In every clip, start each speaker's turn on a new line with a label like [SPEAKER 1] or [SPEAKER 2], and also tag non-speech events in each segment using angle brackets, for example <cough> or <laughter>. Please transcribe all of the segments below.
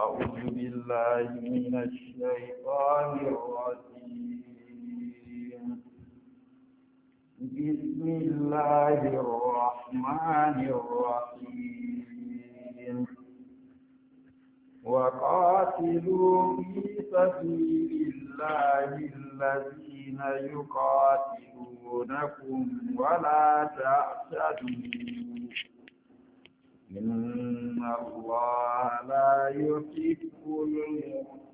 [SPEAKER 1] أعوذ بالله من الشيطان الرجيم بسم الله الرحمن الرحيم وقاتلوا في سبيل الله الذين يقاتلونكم ولا تعتدوا إن الله لا يحب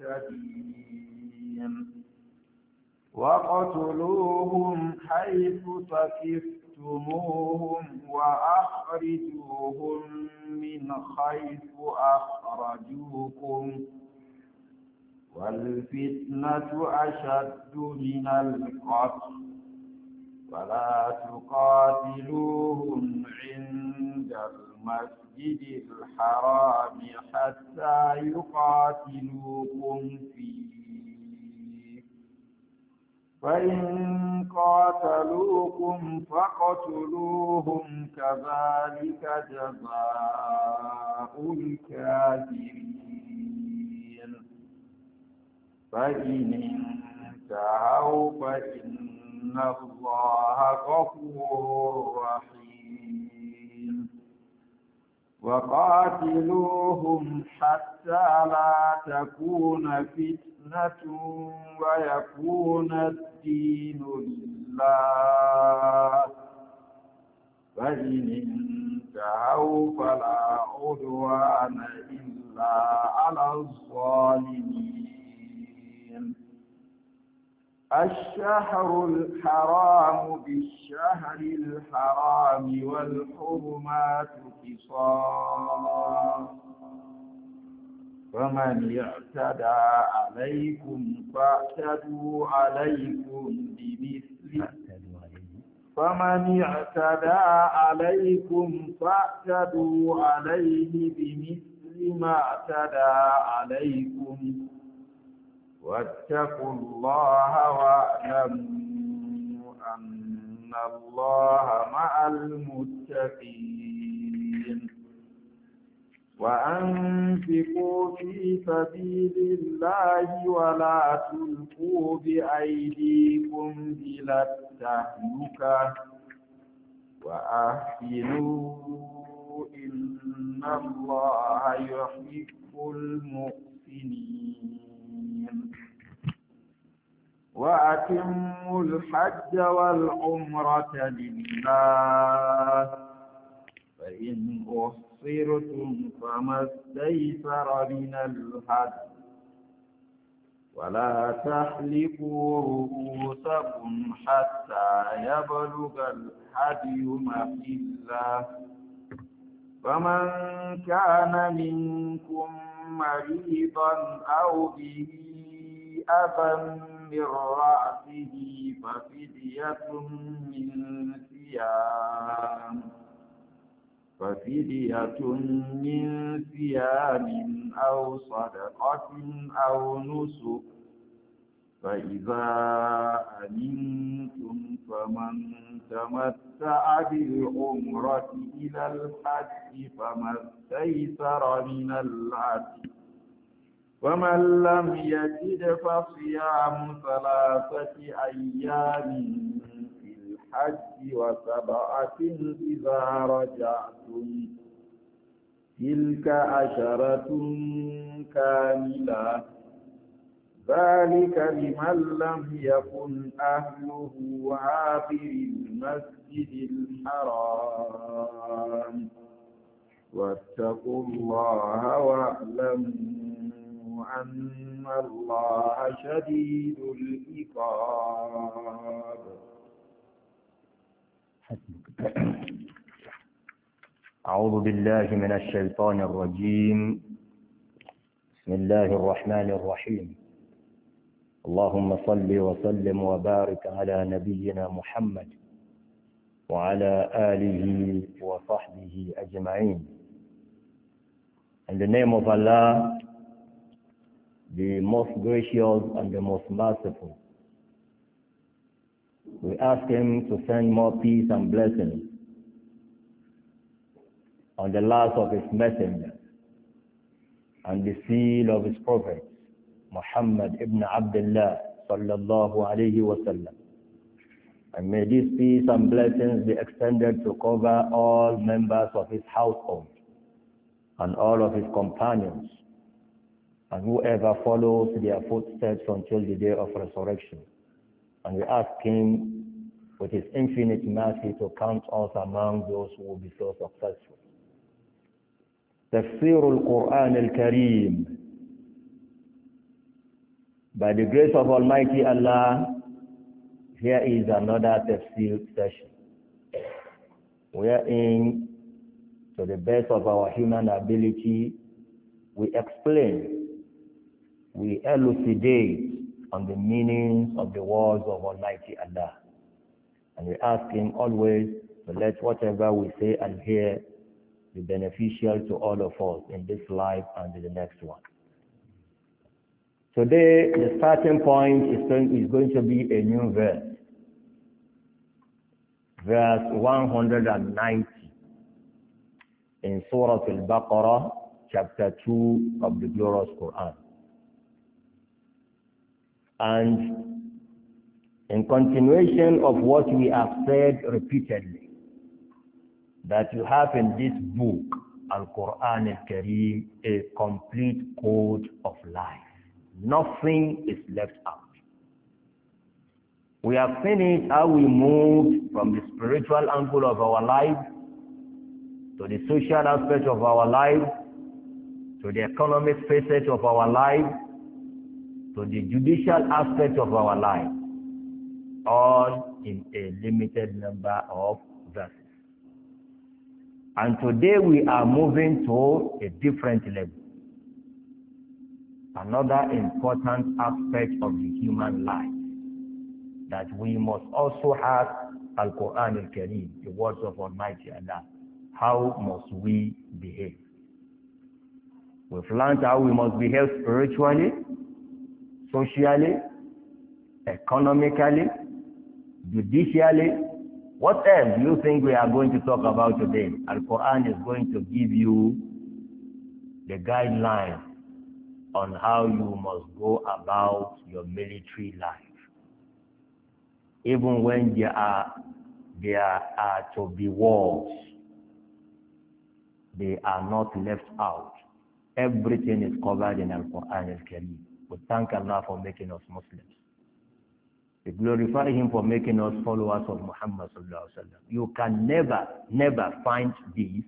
[SPEAKER 1] المعتدين واقتلوهم حيث تكفتموهم وأخرجوهم من حيث أخرجوكم والفتنة أشد من القتل ولا تقاتلوهم عند المسجد الحرام حتى يقاتلوكم فيه فإن قاتلوكم فاقتلوهم كذلك جزاء الكافرين فإن انتهوا فإن الله غفور رحيم وقاتلوهم حتى لا تكون فتنة ويكون الدين لله
[SPEAKER 2] فإن انتهوا فلا عدوان
[SPEAKER 1] إلا على الظالمين الشهر الحرام بالشهر الحرام والحرمات قصاص فمن اعتدى عليكم فاعتدوا عليكم بمثل فمن اعتدى عليكم فاعتدوا عليه بمثل ما اعتدى عليكم واتقوا الله واعلموا أن الله مع المتقين وأنفقوا في سبيل الله ولا تلقوا بأيديكم إلى التهلكة وأحسنوا إن الله يحب المحسنين وأتموا الحج والعمرة لله فإن أحصرتم فما استيسر من الحج ولا تحلقوا رؤوسكم حتى يبلغ الحدي محله فمن كان منكم مريضا أو به أذى من رأسه ففدية من صيام ففدية من صيام أو صدقة أو نسك فإذا أمنتم فمن تمتع بالعمرة إلى الحج فما استيسر من العدل فمن لم يجد فصيام ثلاثة أيام في الحج وسبعة إذا رجعتم تلك عشرة كاملة ذلك لمن لم يكن أهله عابر المسجد الحرام واتقوا الله واعلموا أن الله شديد الإقاب
[SPEAKER 2] أعوذ بالله من الشيطان الرجيم بسم الله الرحمن الرحيم اللهم صل وسلم وبارك على نبينا محمد وعلى آله وصحبه أجمعين In the name of Allah, the most gracious and the most merciful. We ask Him to send more peace and blessings on the last of His messenger and the seal of His prophet, Muhammad ibn Abdullah sallallahu alayhi wa sallam. And may this peace and blessings be extended to cover all members of His household and all of His companions and whoever follows their footsteps until the day of resurrection. And we ask Him, with His infinite mercy, to count us among those who will be so successful. Quran al kareem By the grace of Almighty Allah, here is another tafsir session, in to the best of our human ability, we explain we elucidate on the meanings of the words of Almighty Allah. And we ask Him always to let whatever we say and hear be beneficial to all of us in this life and in the next one. Today, the starting point is going, is going to be a new verse. Verse 190 in Surah Al-Baqarah, chapter 2 of the glorious Quran. And in continuation of what we have said repeatedly, that you have in this book, Al-Quran al-Kareem, a complete code of life. Nothing is left out. We have finished how we moved from the spiritual angle of our life to the social aspect of our life to the economic facet of our life to the judicial aspect of our life, all in a limited number of verses. And today we are moving to a different level. Another important aspect of the human life that we must also have Al Quran Al Kareem, the words of Almighty Allah. How must we behave? We've learned how we must behave spiritually, socially, economically, judicially. What else do you think we are going to talk about today? Al-Quran is going to give you the guidelines on how you must go about your military life. Even when there are, there are to be wars, they are not left out. Everything is covered in Al-Quran al we thank Allah for making us Muslims. We glorify Him for making us followers of Muhammad You can never, never find this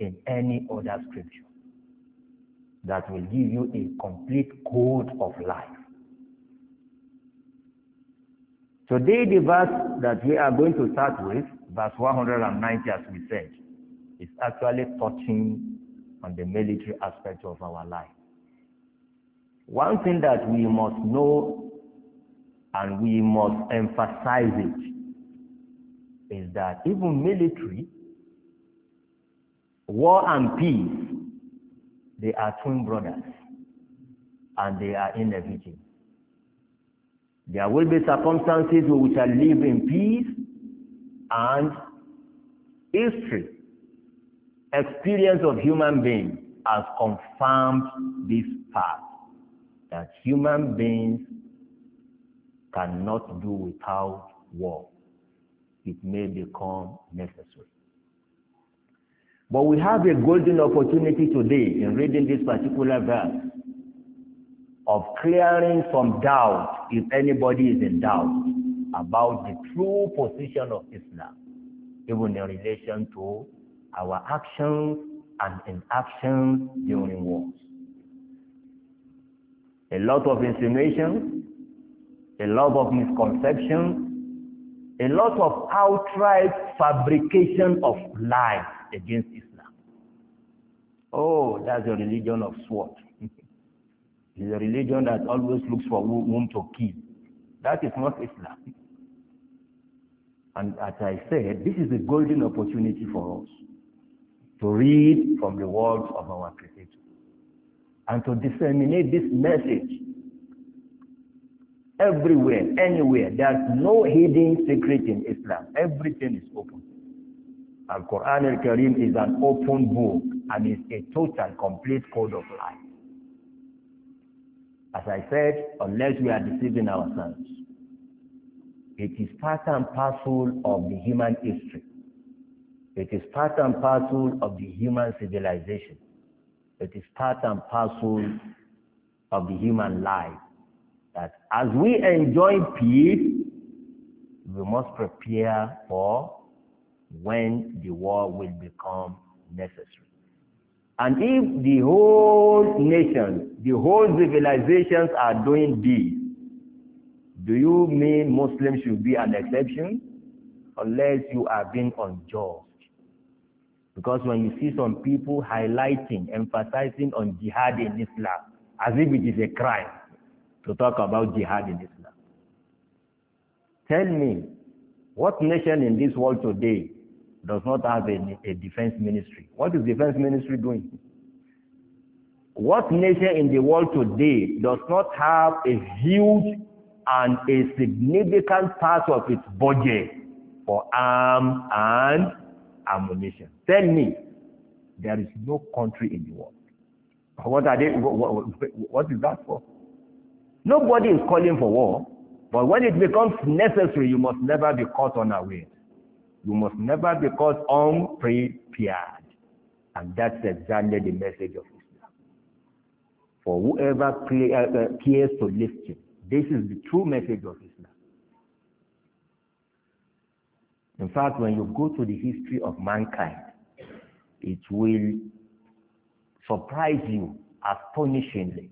[SPEAKER 2] in any other scripture that will give you a complete code of life. Today, the verse that we are going to start with, verse 190, as we said, is actually touching on the military aspect of our life. One thing that we must know and we must emphasize it is that even military, war and peace, they are twin brothers and they are inevitable. There will be circumstances where we shall live in peace and history, experience of human beings has confirmed this fact that human beings cannot do without war. It may become necessary. But we have a golden opportunity today in reading this particular verse of clearing some doubt if anybody is in doubt about the true position of Islam, even in relation to our actions and inactions during wars a lot of insinuations, a lot of misconceptions, a lot of outright fabrication of lies against Islam. Oh, that's a religion of sword. <laughs> it's a religion that always looks for whom to kill. That is not Islam. And as I said, this is a golden opportunity for us to read from the words of our creator and to disseminate this message everywhere, anywhere. There's no hidden secret in Islam. Everything is open. And Quran al-Karim is an open book and is a total, complete code of life. As I said, unless we are deceiving ourselves, it is part and parcel of the human history. It is part and parcel of the human civilization. It is part and parcel of the human life that as we enjoy peace, we must prepare for when the war will become necessary. And if the whole nation, the whole civilizations are doing this, do you mean Muslims should be an exception? Unless you are being unjust. Because when you see some people highlighting, emphasizing on jihad in Islam, as if it is a crime to talk about jihad in Islam. Tell me, what nation in this world today does not have a, a defense ministry? What is defense ministry doing? What nation in the world today does not have a huge and a significant part of its budget for arms and ammunition. Tell me, there is no country in the world. What are they, what, what is that for? Nobody is calling for war, but when it becomes necessary, you must never be caught unaware. You must never be caught unprepared. And that's exactly the message of Islam. For whoever uh, uh, cares to listen, this is the true message of Islam. In fact, when you go to the history of mankind, it will surprise you astonishingly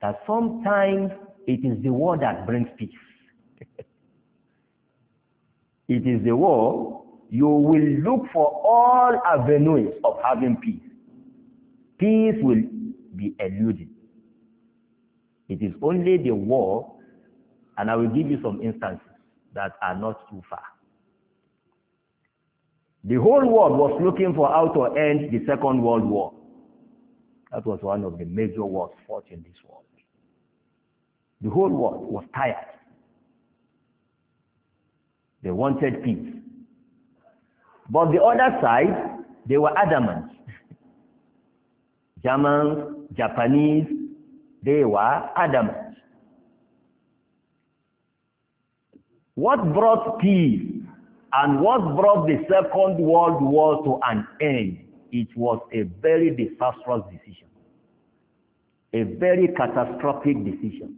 [SPEAKER 2] that sometimes it is the war that brings peace. <laughs> it is the war you will look for all avenues of having peace. Peace will be eluded. It is only the war, and I will give you some instances that are not too far. The whole world was looking for how to end the Second World War. That was one of the major wars fought in this world. The whole world was tired. They wanted peace. But the other side, they were adamant. <laughs> Germans, Japanese, they were adamant. What brought peace And what brought the Second World War to an end, it was a very disastrous decision, a very catastrophic decision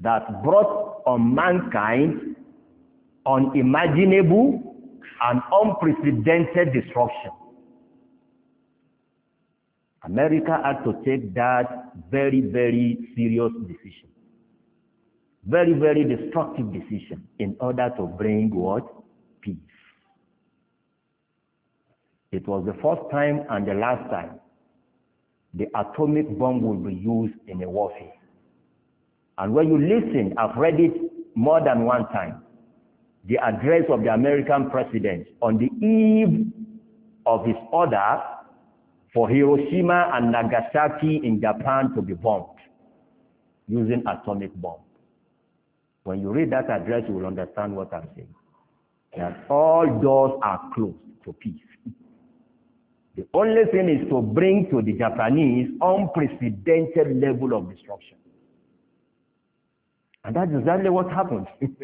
[SPEAKER 2] that brought on mankind unimaginable and unprecedented destruction. America had to take that very, very serious decision. Very, very destructive decision in order to bring what? It was the first time and the last time the atomic bomb will be used in a warfare. And when you listen, I've read it more than one time, the address of the American president on the eve of his order for Hiroshima and Nagasaki in Japan to be bombed using atomic bomb. When you read that address, you will understand what I'm saying. That all doors are closed to peace. The only thing is to bring to the Japanese unprecedented level of destruction. And that's exactly what happened. <laughs>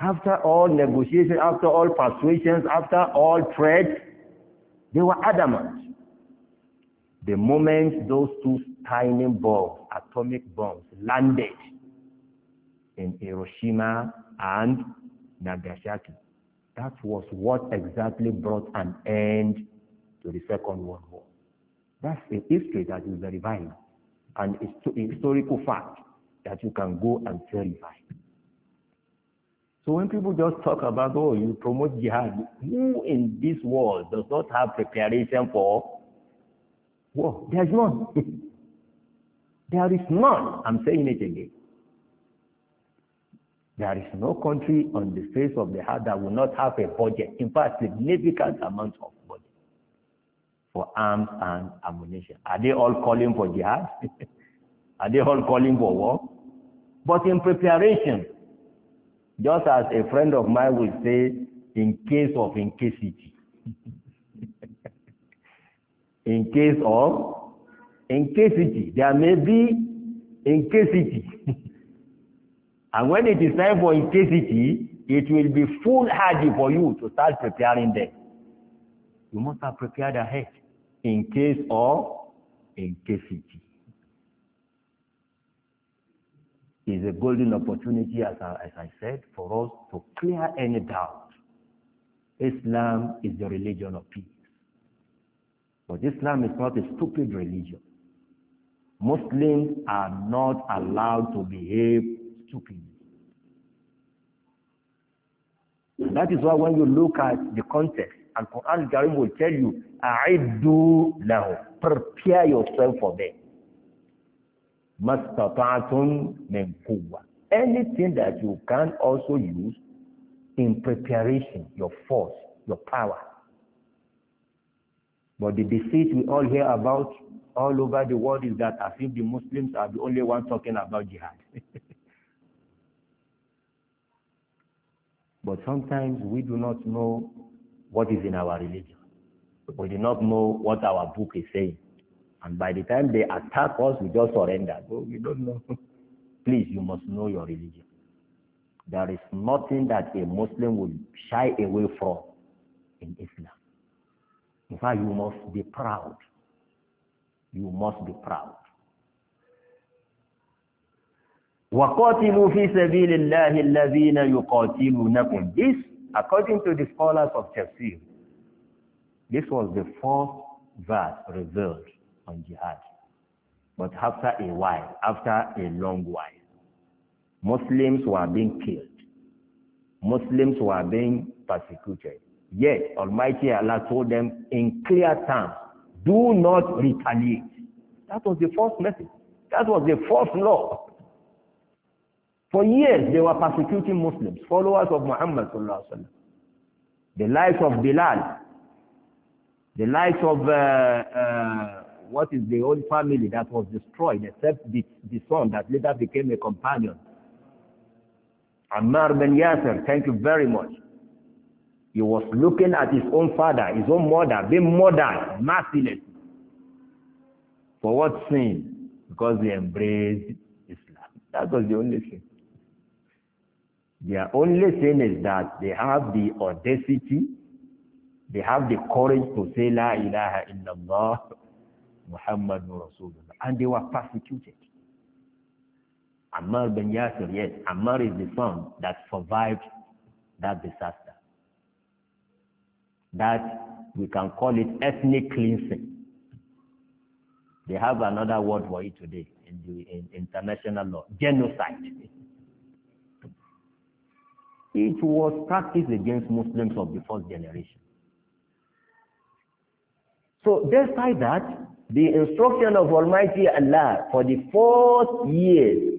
[SPEAKER 2] after all negotiations, after all persuasions, after all threats, they were adamant. The moment those two tiny bombs, atomic bombs, landed in Hiroshima and Nagasaki, that was what exactly brought an end to the Second World War. That's a history that is verified, a historical fact that you can go and verify. So when people just talk about, oh, you promote jihad, who in this world does not have preparation for war? There's none. <laughs> there is none. I'm saying it again. There is no country on the face of the earth that will not have a budget, in fact, significant amount of budget for arms and ammunition. Are they all calling for jihad? <laughs> Are they all calling for war? But in preparation, just as a friend of mine would say, in case of incasity. <laughs> in case of incasity, there may be incasity. <laughs> And when it is time for intensity, it will be foolhardy for you to start preparing them. You must have prepared ahead in case of intensity. It's a golden opportunity, as I, as I said, for us to clear any doubt. Islam is the religion of peace. But Islam is not a stupid religion. Muslims are not allowed to behave stupid. That is why when you look at the context, and Quran Karim will tell you, I do now, prepare yourself for them. Anything that you can also use in preparation, your force, your power. But the deceit we all hear about all over the world is that I think the Muslims are the only ones talking about jihad. <laughs> But sometimes we do not know what is in our religion. We do not know what our book is saying. And by the time they attack us, we just surrender. we don't know. <laughs> Please, you must know your religion. There is nothing that a Muslim will shy away from in Islam. In fact, you must be proud. You must be proud. وَقَاتِلُوا فِي سَبِيلِ اللَّهِ الَّذِينَ يُقَاتِلُونَكُمْ This, according to the scholars of Tafsir, this was the fourth verse revealed on jihad. But after a while, after a long while, Muslims were being killed. Muslims were being persecuted. Yet Almighty Allah told them in clear terms, do not retaliate. That was the first message. That was the first law. For years, they were persecuting Muslims, followers of Muhammad sallallahu alaihi wasallam. The likes of Bilal, the likes of uh, uh, what is the old family that was destroyed, except the, the son that later became a companion. Ammar bin Yasser, thank you very much. He was looking at his own father, his own mother, being murdered mercilessly. For what sin? Because he embraced Islam. That was the only thing. Their only sin is that they have the audacity, they have the courage to say, La ilaha illallah, Muhammadur Rasulullah. And they were persecuted. Ammar bin Yasir, yes, Ammar is the son that survived that disaster. That we can call it ethnic cleansing. They have another word for it today in the in international law, genocide. It was practiced against Muslims of the first generation. So despite that, the instruction of Almighty Allah for the fourth year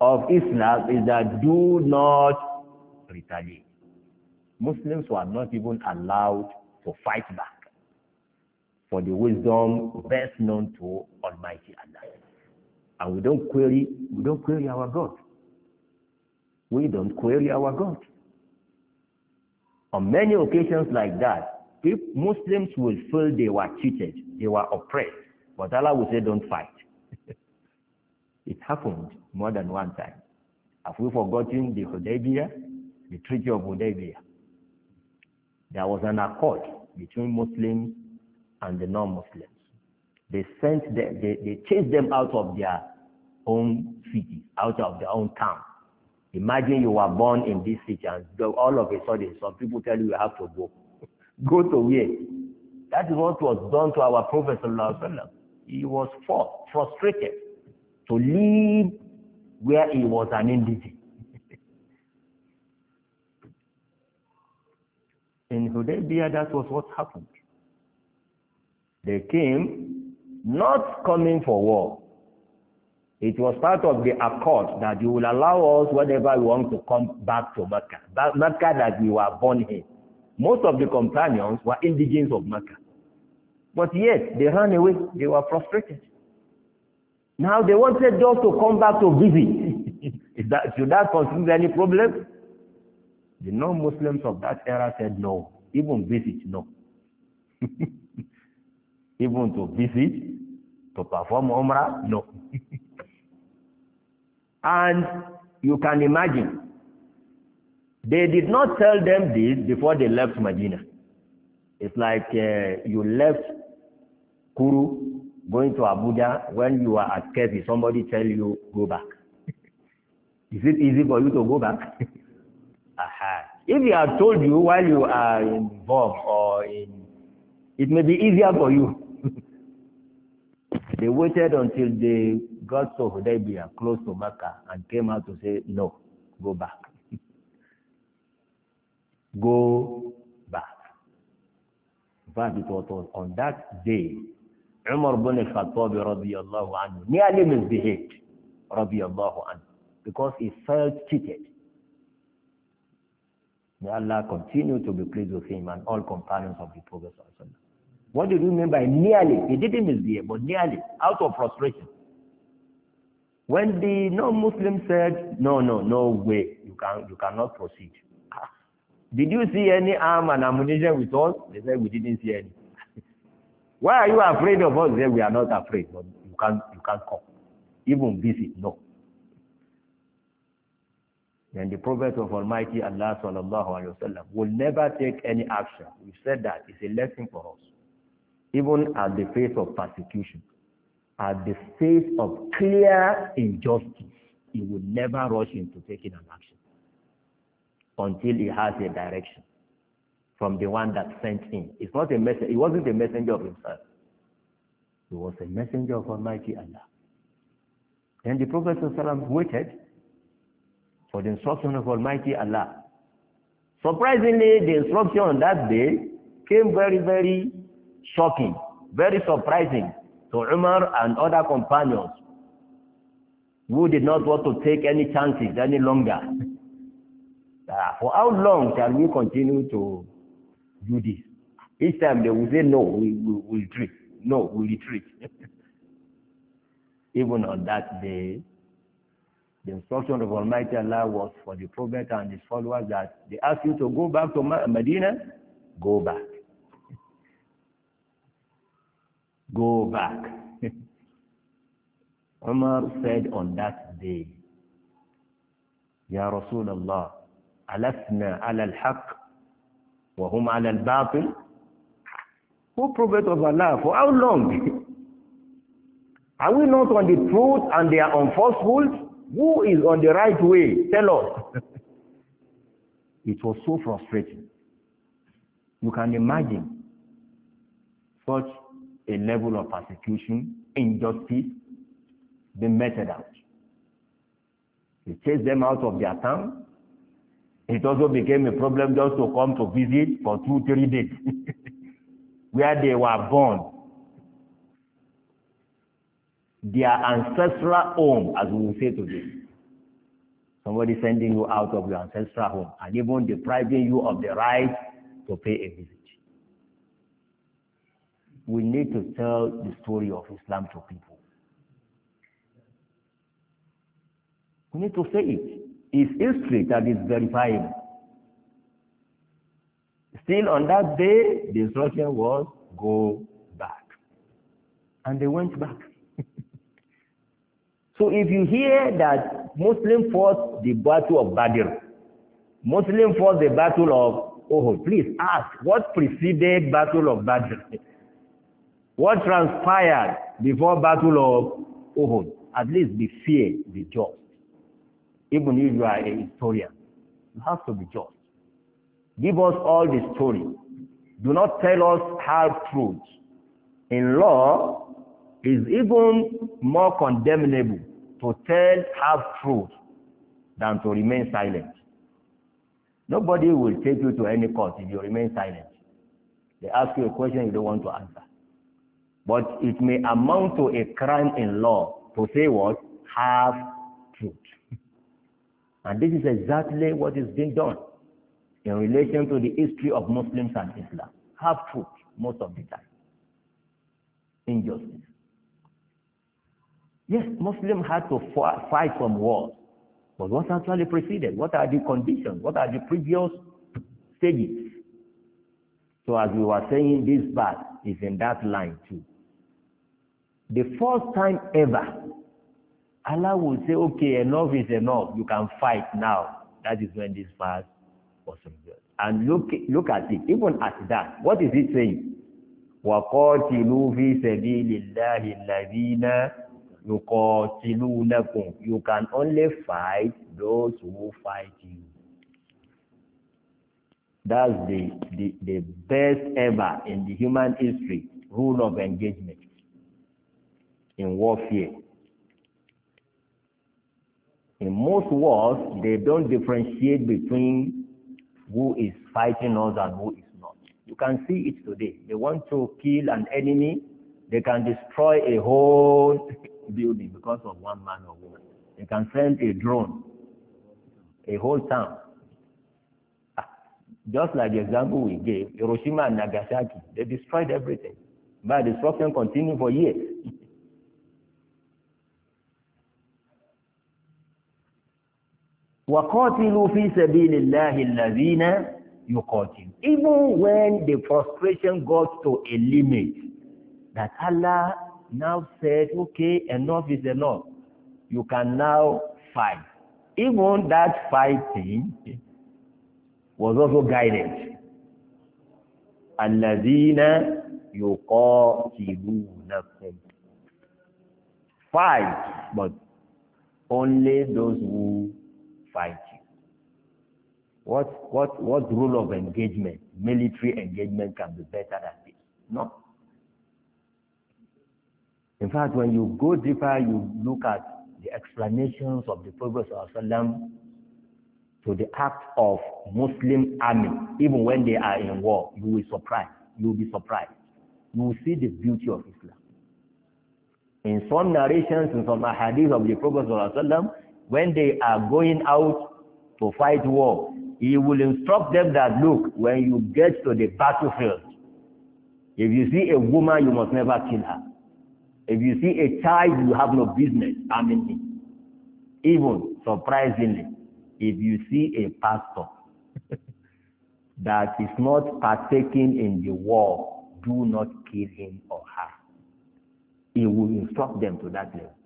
[SPEAKER 2] of Islam is that do not retaliate. Muslims were not even allowed to fight back for the wisdom best known to Almighty Allah. And we don't query, we don't query our God we don't query our God. On many occasions like that, Muslims will feel they were cheated, they were oppressed, but Allah will say, don't fight. <laughs> it happened more than one time. Have we forgotten the Hudaybiyah, the Treaty of Hudaybiyah? There was an accord between Muslims and the non-Muslims. They sent them, they, they chased them out of their own cities, out of their own towns Imagine you were born in this city and all of a sudden some people tell you you have to go. <laughs> go to where? That is what was done to our Prophet sallallahu He was forced, frustrated to leave where he was an indigent. <laughs> in Hudaybiyah, that was what happened. They came not coming for war, it was part of the accord that you will allow us whenever we want to come back to Mecca. That Mecca that we were born in. Most of the companions were indigenous of Mecca. But yet, they ran away. They were frustrated. Now they wanted us to come back to visit. <laughs> Is that, should that constitute any problem? The non-Muslims of that era said no. Even visit, no. <laughs> Even to visit, to perform Umrah, no. <laughs> And you can imagine, they did not tell them this before they left Medina. It's like uh, you left Kuru going to Abuja when you are at Kefi, somebody tell you, go back. <laughs> Is it easy for you to go back? <laughs> Aha. If they have told you while you are involved or in, it may be easier for you. <laughs> they waited until they got to Hudaybiyah, close to Mecca, and came out to say, no, go back. <laughs> go back. In fact, it was on that day, Umar bin Khattab radiallahu anhu nearly misbehaved radiallahu anhu because he felt cheated. May Allah continue to be pleased with him and all companions of the Prophet. What do you mean by nearly? He didn't misbehave, but nearly, out of frustration. When the non-Muslim said, no, no, no way, you, can, you cannot proceed. Ah. Did you see any arm and ammunition with us? They said, we didn't see any. <laughs> Why are you afraid of us? They said, we are not afraid. No, you, can't, you can't come. Even visit, no. Then the Prophet of Almighty Allah sallallahu alayhi wa sallam will never take any action. we said that. It's a lesson for us. Even at the face of persecution at the face of clear injustice, he will never rush into taking an action until he has a direction from the one that sent him. It's not a messenger. He wasn't a messenger of himself. He was a messenger of Almighty Allah. And the Prophet ﷺ waited for the instruction of Almighty Allah. Surprisingly, the instruction on that day came very, very shocking, very surprising to Umar and other companions who did not want to take any chances any longer. <laughs> Uh, for how long shall we continue to do this? Each time they will say, no, we will we, retreat. No, we retreat. <laughs> Even on that day, the instruction of Almighty Allah was for the Prophet and his followers that they ask you to go back to Medina, go back. Go back. Umar <laughs> said on that day, Ya Rasulullah, alasna ala al-haq wa hum ala al-batil? who Prophet of Allah, for how long? <laughs> Are we not on the truth and they are on falsehood? Who is on the right way? Tell us. <laughs> it was so frustrating. You can imagine such a level of persecution, injustice, they meted out. They chased them out of their town. It also became a problem just to come to visit for two, three days, <laughs> where they were born. Their ancestral home, as we will say today. Somebody sending you out of your ancestral home and even depriving you of the right to pay a visit. we need to tell the story of Islam to people. We need to say it. It's history that is verifiable. Still on that day, the instruction was go back. And they went back. <laughs> so if you hear that Muslim fought the battle of Badr, Muslim fought the battle of Uhud, please ask what preceded battle of Badr. <laughs> What transpired before Battle of Uhud? At least be fair, be just. Even if you are a historian, you have to be just. Give us all the story. Do not tell us half truths. In law, is even more condemnable to tell half truth than to remain silent. Nobody will take you to any court if you remain silent. They ask you a question you don't want to answer. But it may amount to a crime in law to say what? Half truth. And this is exactly what is being done in relation to the history of Muslims and Islam. Half truth most of the time. Injustice. Yes, Muslims had to fight from wars. But what actually preceded? What are the conditions? What are the previous stages? So as we were saying, this part is in that line too. the first time ever Allah will say okay enough is enough you can fight now that is when this fast was revealed and look look at it even at that what is it saying وقاتلوا في سبيل الله الذين يقاتلونكم you can only fight those who fight you that's the, the, the best ever in the human history rule of engagement in warfare. In most wars, they don't differentiate between who is fighting us and who is not. You can see it today. They want to kill an enemy, they can destroy a whole <laughs> building because of one man or woman. They can send a drone, a whole town. Ah, just like the example we gave, Hiroshima and Nagasaki, they destroyed everything. But destruction continued for years. وقاتلوا في سبيل الله الذين يقاتل even when the frustration got to a limit that Allah now said okay enough is enough you can now fight even that fighting was also guided الذين يقاتلونكم fight but only those who fight you. What, what, what rule of engagement, military engagement, can be better than this? No. In fact, when you go deeper, you look at the explanations of the Prophet to the act of Muslim army, even when they are in war, you will surprise. You will be surprised. You will see the beauty of Islam. In some narrations, in some hadith of the Prophet when they are going out to fight war, he will instruct them that, look, when you get to the battlefield, if you see a woman, you must never kill her. If you see a child, you have no business harming I mean, Even, surprisingly, if you see a pastor <laughs> that is not partaking in the war, do not kill him or her. He will instruct them to that level.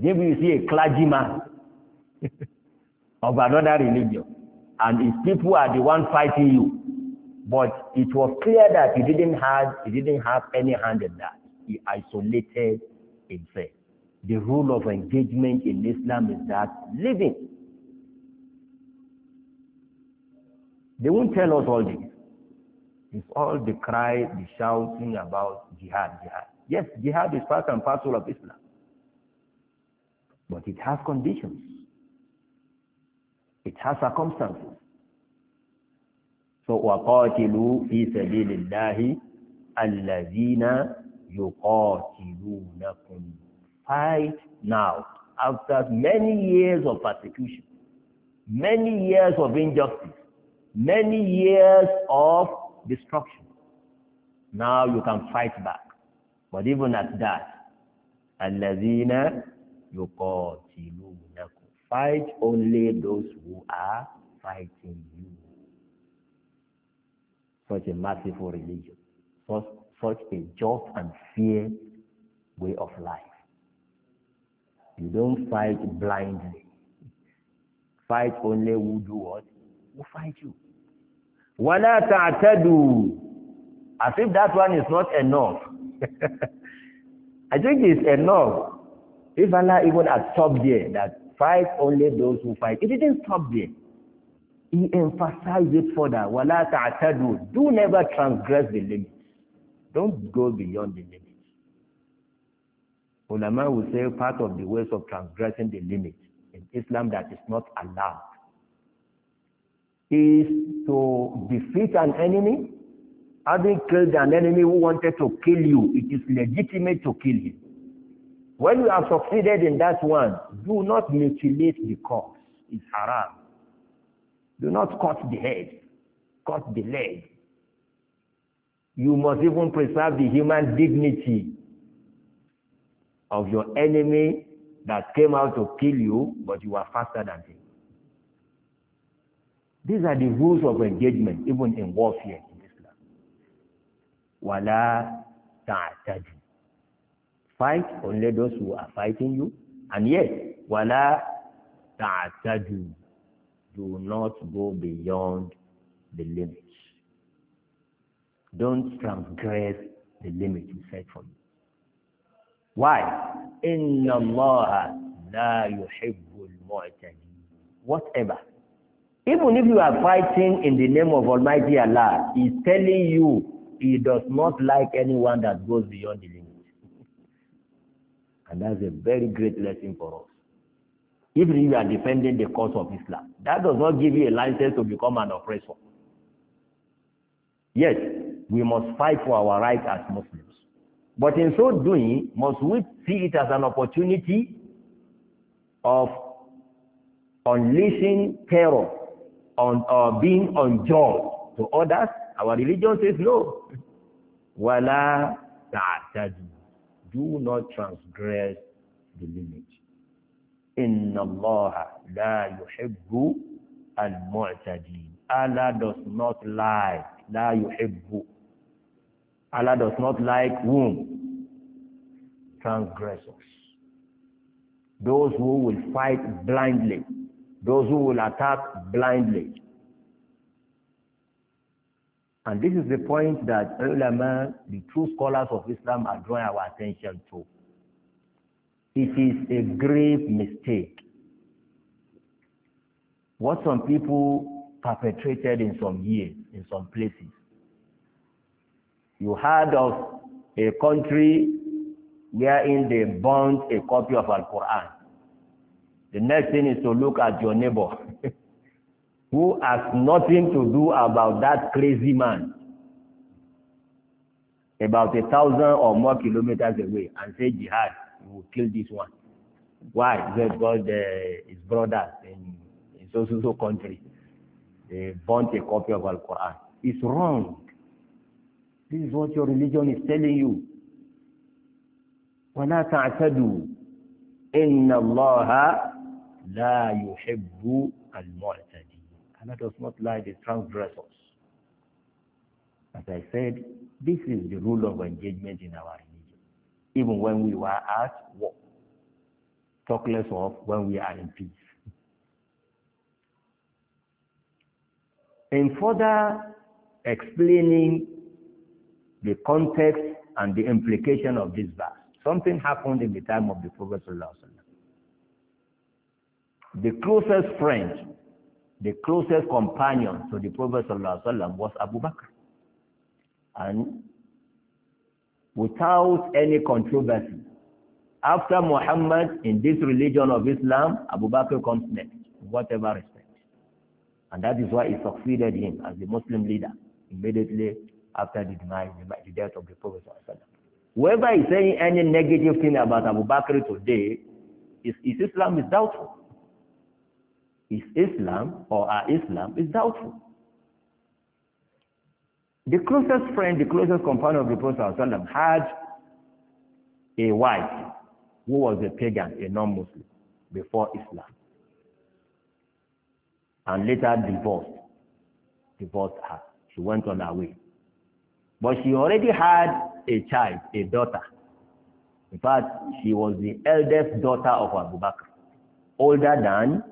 [SPEAKER 2] Maybe you see a clergyman of another religion, and his people are the one fighting you. But it was clear that he didn't have he didn't have any hand in that. He isolated himself. The rule of engagement in Islam is that living. They won't tell us all this. It's all the cry, the shouting about jihad, jihad. Yes, jihad is part and parcel of Islam. But it has conditions. It has circumstances. So وَقَاتِلُوا فِي سَبِيلِ اللَّهِ الَّذِينَ يُقَاتِلُونَكُمْ Fight now, after many years of persecution, many years of injustice, many years of destruction. Now you can fight back. But even at that, الَّذِينَ you yuqatilunakum. Fight only those who are fighting you. Such a merciful religion, such, such a just and fair way of life. You don't fight blindly. Fight only who do what? Who fight you. وَلَا تَعْتَدُوا As if that one is not enough. <laughs> I think it's enough If Allah even had stopped there, that fight only those who fight. It didn't stop there. He emphasized it further. وَلَا تَعْتَدُوا Do never transgress the limit. Don't go beyond the limit. Ulama will say part of the ways of transgressing the limit in Islam that is not allowed is to defeat an enemy. Having killed an enemy who wanted to kill you, it is legitimate to kill him. When you have succeeded in that one, do not mutilate the corpse. It's haram. Do not cut the head, cut the leg. You must even preserve the human dignity of your enemy that came out to kill you, but you are faster than him. These are the rules of engagement, even in warfare in Islam. Wala ta'tadu fight only those who are fighting you and yet wala tààtàjù do not go beyond the limit don't transgress the limit you set for you why inna allaha la yuhibbul mu'tadin whatever even if you are fighting in the name of almighty allah he's telling you he does not like anyone that goes beyond the limit And that's a very great lesson for us. If you are defending the cause of Islam, that does not give you a license to become an oppressor. Yes, we must fight for our rights as Muslims. But in so doing, must we see it as an opportunity of unleashing terror on or being unjust to others? Our religion says no. Wala ta'tadu do not transgress the limit. Inna Allah la yuhibbu al-mu'tadin. Allah does not like, la yuhibbu. Allah does not like whom? Transgressors. Those who will fight blindly. Those who will attack blindly. And this is the point that ulama, the true scholars of Islam, are drawing our attention to. It is a grave mistake. What some people perpetrated in some years, in some places. You heard of a country wherein they burned a copy of Al Quran. The next thing is to look at your neighbor. <laughs> who has nothing to do about that crazy man about a thousand or more kilometers away and say jihad will kill this one why because uh, his brothers in, in so so country they burnt a copy of al quran it's wrong this is what your religion is telling you ولا تعتدوا إن الله لا يحب المعتد and that does not lie the transgressors. As I said, this is the rule of engagement in our religion, even when we were at war. Talk less of when we are in peace. In further explaining the context and the implication of this verse, something happened in the time of the Prophet. The closest friend the closest companion to the Prophet ﷺ was Abu Bakr. And without any controversy, after Muhammad in this religion of Islam, Abu Bakr comes next, whatever respect. And that is why he succeeded him as the Muslim leader immediately after the, demise, the death of the Prophet. ﷺ. Whoever is saying any negative thing about Abu Bakr today, his Islam is doubtful is Islam or our Islam is doubtful. The closest friend, the closest companion of the Prophet had a wife who was a pagan, a non-Muslim, before Islam. And later divorced, divorced her. She went on her way. But she already had a child, a daughter. In fact, she was the eldest daughter of Abu Bakr, older than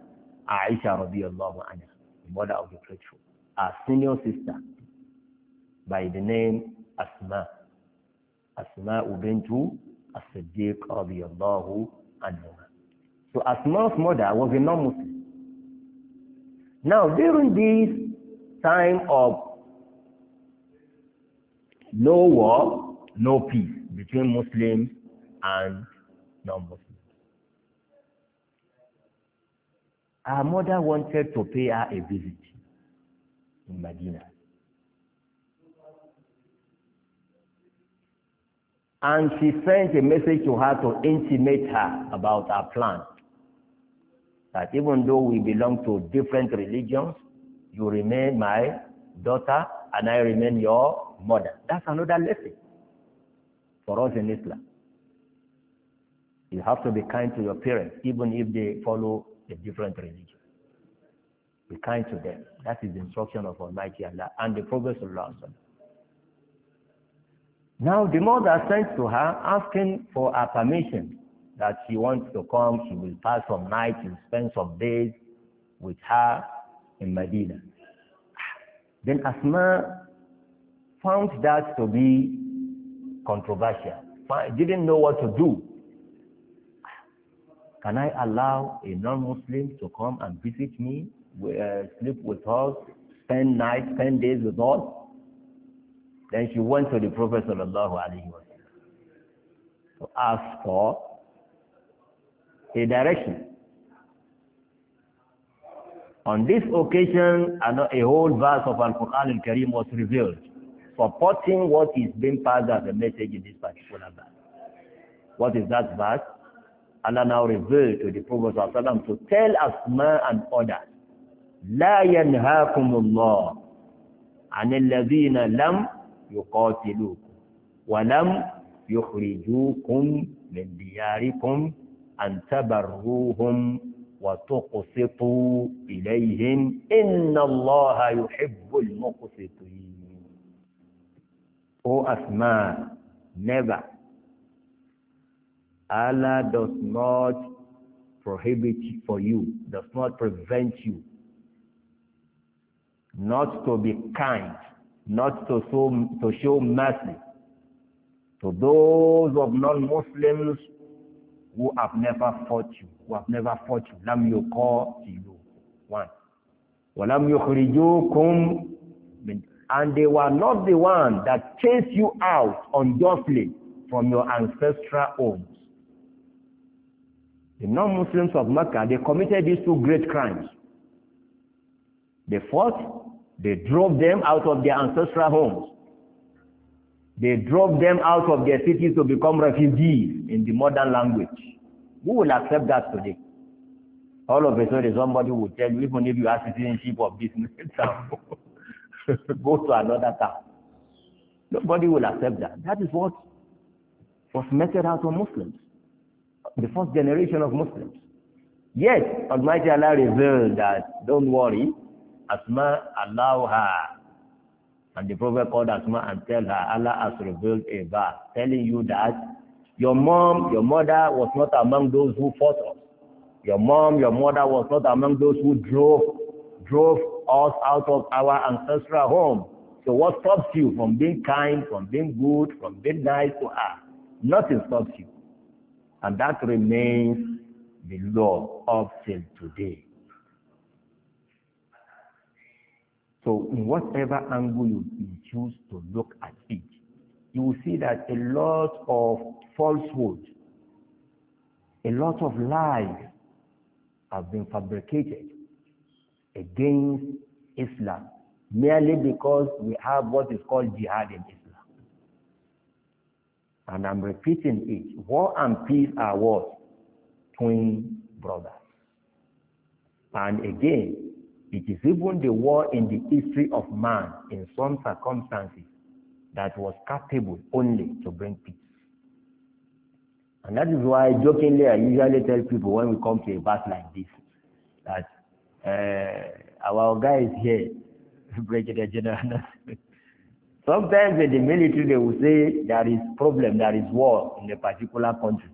[SPEAKER 2] Aisha radiallahu anha, the mother of the faithful, a senior sister by the name Asma. Asma Ubuntu As-Siddiq radiallahu anha. So Asma's mother was a non-Muslim. Now during this time of no war, no peace between Muslims and non-Muslims. Our mother wanted to pay her a visit in Medina. And she sent a message to her to intimate her about our plan. That even though we belong to different religions, you remain my daughter and I remain your mother. That's another lesson for us in Islam. You have to be kind to your parents, even if they follow the different religions. Be kind to them. That is the instruction of Almighty Allah and the Prophet Allah. Now the mother sent to her asking for her permission that she wants to come, she will pass some nights and spend some days with her in Medina. Then Asma found that to be controversial, didn't know what to do can I allow a non-Muslim to come and visit me, uh, sleep with us, spend nights, spend days with us? Then she went to the Prophet sallallahu alaihi wasallam to ask for a direction. On this occasion, a whole verse of Al-Quran al-Karim was revealed, supporting what is being passed as a message in this particular verse. What is that verse? Allah now revealed to the Prophet ﷺ to tell Asma and others, لا ينهاكم الله عن الذين لم يقاتلوكم ولم يخرجوكم من دياركم أن تبروهم وتقسطوا إليهم إن الله يحب المقسطين. O Asma, never Allah does not prohibit for you, does not prevent you not to be kind, not to show, to show mercy to those of non-Muslims who have never fought you, who have never fought you. لم يقاتلوا one. walam يخرجوكم من and they were not the one that chased you out unjustly from your ancestral home. The non-Muslims of Mecca, they committed these two great crimes. They fought, they drove them out of their ancestral homes. They drove them out of their cities to become refugees in the modern language. Who will accept that today? All of a sudden, somebody will tell you, even if you have citizenship of this town, <laughs> go to another town. Nobody will accept that. That is what was meted out on Muslims. the first generation of Muslims. Yet, Almighty Allah revealed that, don't worry, Asma, allow her. And the Prophet called Asma and tell her, Allah has revealed a verse telling you that your mom, your mother was not among those who fought us. Your mom, your mother was not among those who drove, drove us out of our ancestral home. So what stops you from being kind, from being good, from being nice to her? Nothing stops you. And that remains the law up till today. So in whatever angle you, choose to look at it, you will see that a lot of falsehood, a lot of lies have been fabricated against Islam merely because we have what is called jihad in Islam. And I'm repeating it. War and peace are what? Twin brothers. And again, it is even the war in the history of man, in some circumstances, that was capable only to bring peace. And that is why, jokingly, I usually tell people when we come to a verse like this that uh, our guy is here, <laughs> Brigadier General. Sometimes in the military they will say there is problem, there is war in a particular country.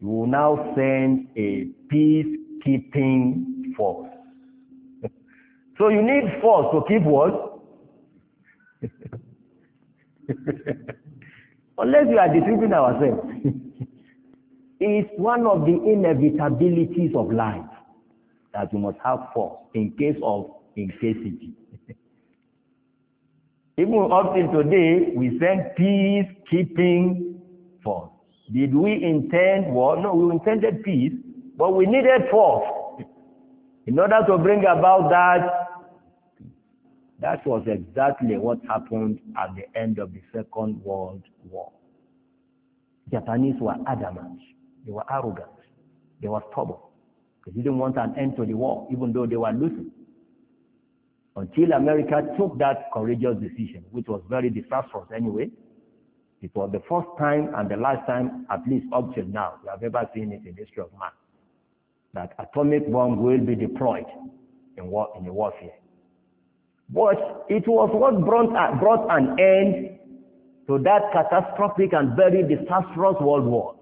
[SPEAKER 2] You will now send a peacekeeping force. <laughs> so you need force to keep what? <laughs> Unless you are deceiving ourselves. <laughs> it's one of the inevitabilities of life that you must have force in case of incasity. Even up till today, we send peacekeeping force. Did we intend war? No, we intended peace, but we needed force in order to bring about that. That was exactly what happened at the end of the Second World War. Japanese were adamant. They were arrogant. They were stubborn. They didn't want an end to the war, even though they were losing. Until America took that courageous decision, which was very disastrous anyway, it was the first time and the last time, at least up till now, we have ever seen it in the history of man, that atomic bomb will be deployed in, war, in warfare. But it was what brought, uh, brought an end to that catastrophic and very disastrous World War.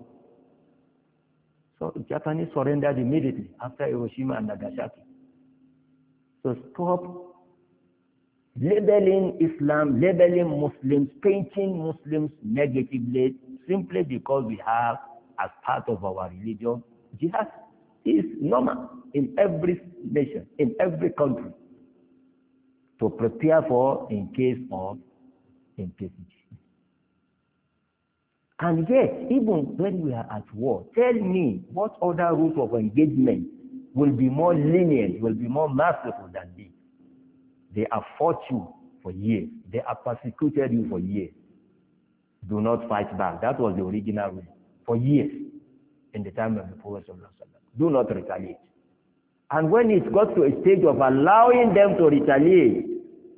[SPEAKER 2] So Japanese surrendered immediately after Hiroshima and Nagasaki. So stop Labeling Islam, labeling Muslims, painting Muslims negatively simply because we have as part of our religion jihad is normal in every nation, in every country to prepare for in case of implicity. And yet, even when we are at war, tell me what other rules of engagement will be more lenient, will be more merciful than this. They have fought you for years. They have persecuted you for years. Do not fight back. That was the original rule for years in the time of the Prophet. Do not retaliate. And when it got to a stage of allowing them to retaliate,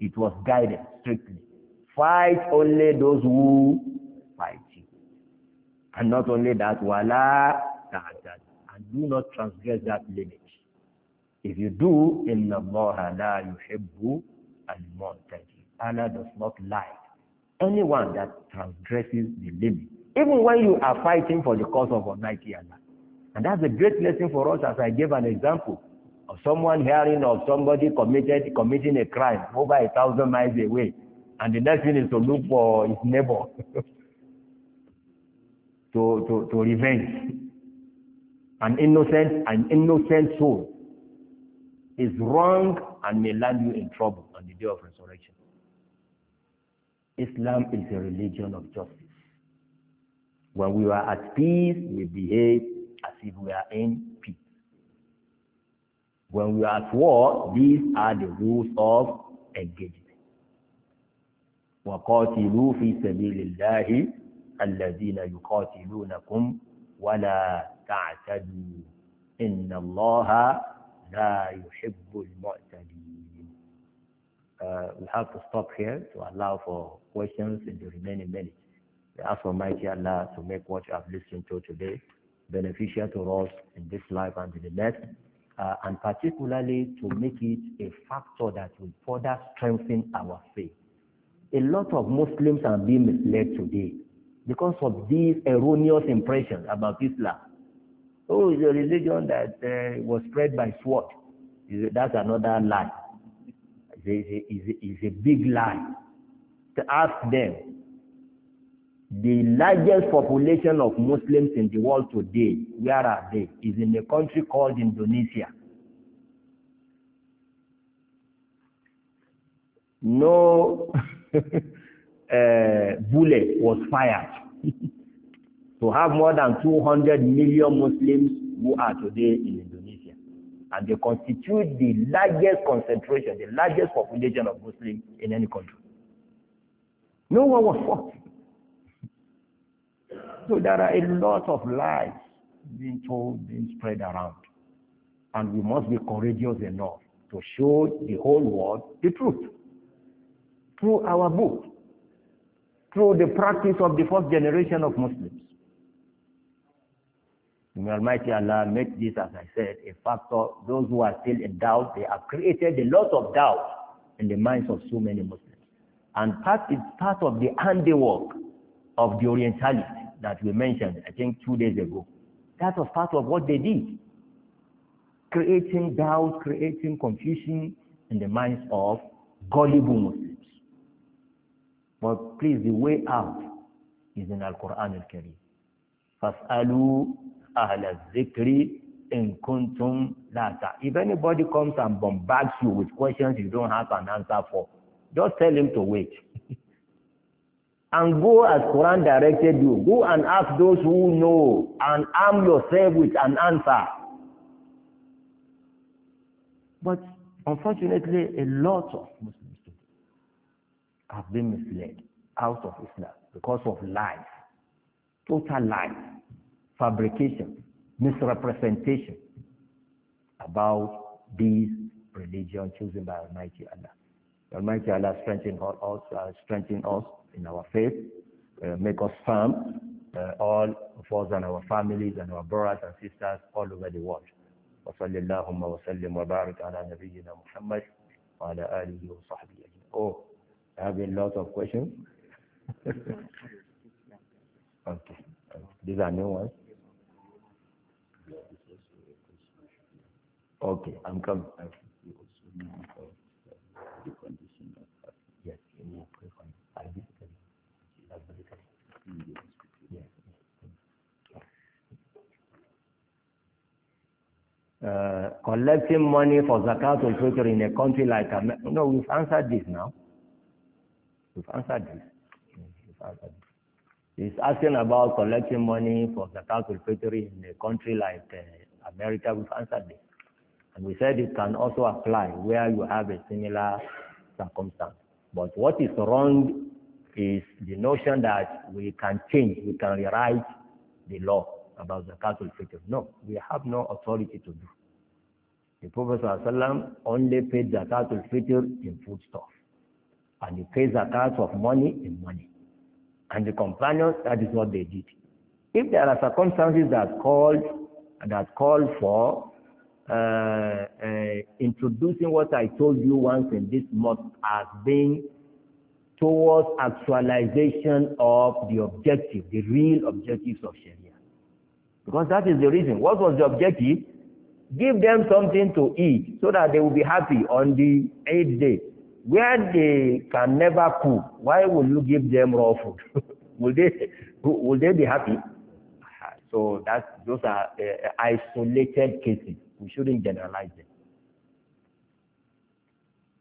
[SPEAKER 2] it was guided strictly. Fight only those who fight you. And not only that, wala ta'atad. And do not transgress that limit. If you do, inna Allah la yuhibbu al-mu'tadi. Allah does not like anyone that transgresses the limit. Even when you are fighting for the cause of Almighty Allah. And that's a great lesson for us as I gave an example of someone hearing of somebody committed committing a crime over a thousand miles away. And the next thing is to look for his neighbor <laughs> to, to, to revenge. An innocent, an innocent soul is wrong and may land you in trouble on the day of resurrection. Islam is a religion of justice. When we are at peace, we behave as if we are in peace. When we are at war, these are the rules of engagement. الذين يقاتلونكم ولا تعتدوا إن الله لا يحب المعتدين uh, we have to stop here to allow for questions in the remaining minutes. We ask Almighty Allah to make what you have listened to today beneficial to us in this life and in the next, uh, and particularly to make it a factor that will further strengthen our faith. A lot of Muslims are being misled today because of these erroneous impressions about Islam. oh, it's religion that uh, was spread by sword. That's another lie. It's a, a, a big lie. To ask them, the largest population of Muslims in the world today, where are they? Is in a country called Indonesia. No <laughs> uh, bullet was fired. <laughs> to have more than 200 million Muslims who are today in Indonesia. And they constitute the largest concentration, the largest population of Muslims in any country. No one was fought. So there are a lot of lies being told, being spread around. And we must be courageous enough to show the whole world the truth through our book, through the practice of the first generation of Muslims. May Almighty Allah make this, as I said, a factor. Those who are still in doubt, they have created a lot of doubt in the minds of so many Muslims. And part part of the handiwork of the Orientalists that we mentioned, I think, two days ago. That was part of what they did. Creating doubt, creating confusion in the minds of gullible Muslims. But please, the way out is in Al-Quran al-Karim ahla zikri in kuntum la If anybody comes and bombards you with questions you don't have an answer for, just tell him to wait. <laughs> and go as Quran directed you. Go and ask those who know and arm yourself with an answer. But unfortunately, a lot of Muslims have been misled out of Islam because of lies, total lies fabrication, misrepresentation about these religion chosen by Almighty Allah. Almighty Allah strengthen us, uh, strengthen us in our faith, uh, make us firm, uh, all of us and our families and our brothers and sisters all over the world. وصلى اللهم وسلم وبارك على نبينا محمد وعلى آله وصحبه أجمعين. Oh, I have a lot of questions. <laughs> okay. okay. These are new ones. Okay, I'm coming. Yes, Yes. Uh, collecting money for zakat and fitr in a country like America. No, we've answered this now. We've answered this. We've answered this. He's asking about collecting money for zakat al fitr in a country like uh, America. We've answered this. And we said it can also apply where you have a similar circumstance. But what is wrong is the notion that we can change, we can rewrite the law about the cattle fitr. No, we have no authority to do. The Prophet ﷺ only paid zakatul fitr in foodstuff. And he paid zakat of money in money. And the companions, that is what they did. If there are circumstances that called that call for uh, uh, introducing what I told you once in this month as being towards actualization of the objective, the real objectives of Sharia. Because that is the reason. What was the objective? Give them something to eat so that they will be happy on the eighth day. Where they can never cook, why will you give them raw food? <laughs> will, they, will they be happy? So that, those are uh, isolated cases. We shouldn't generalize it.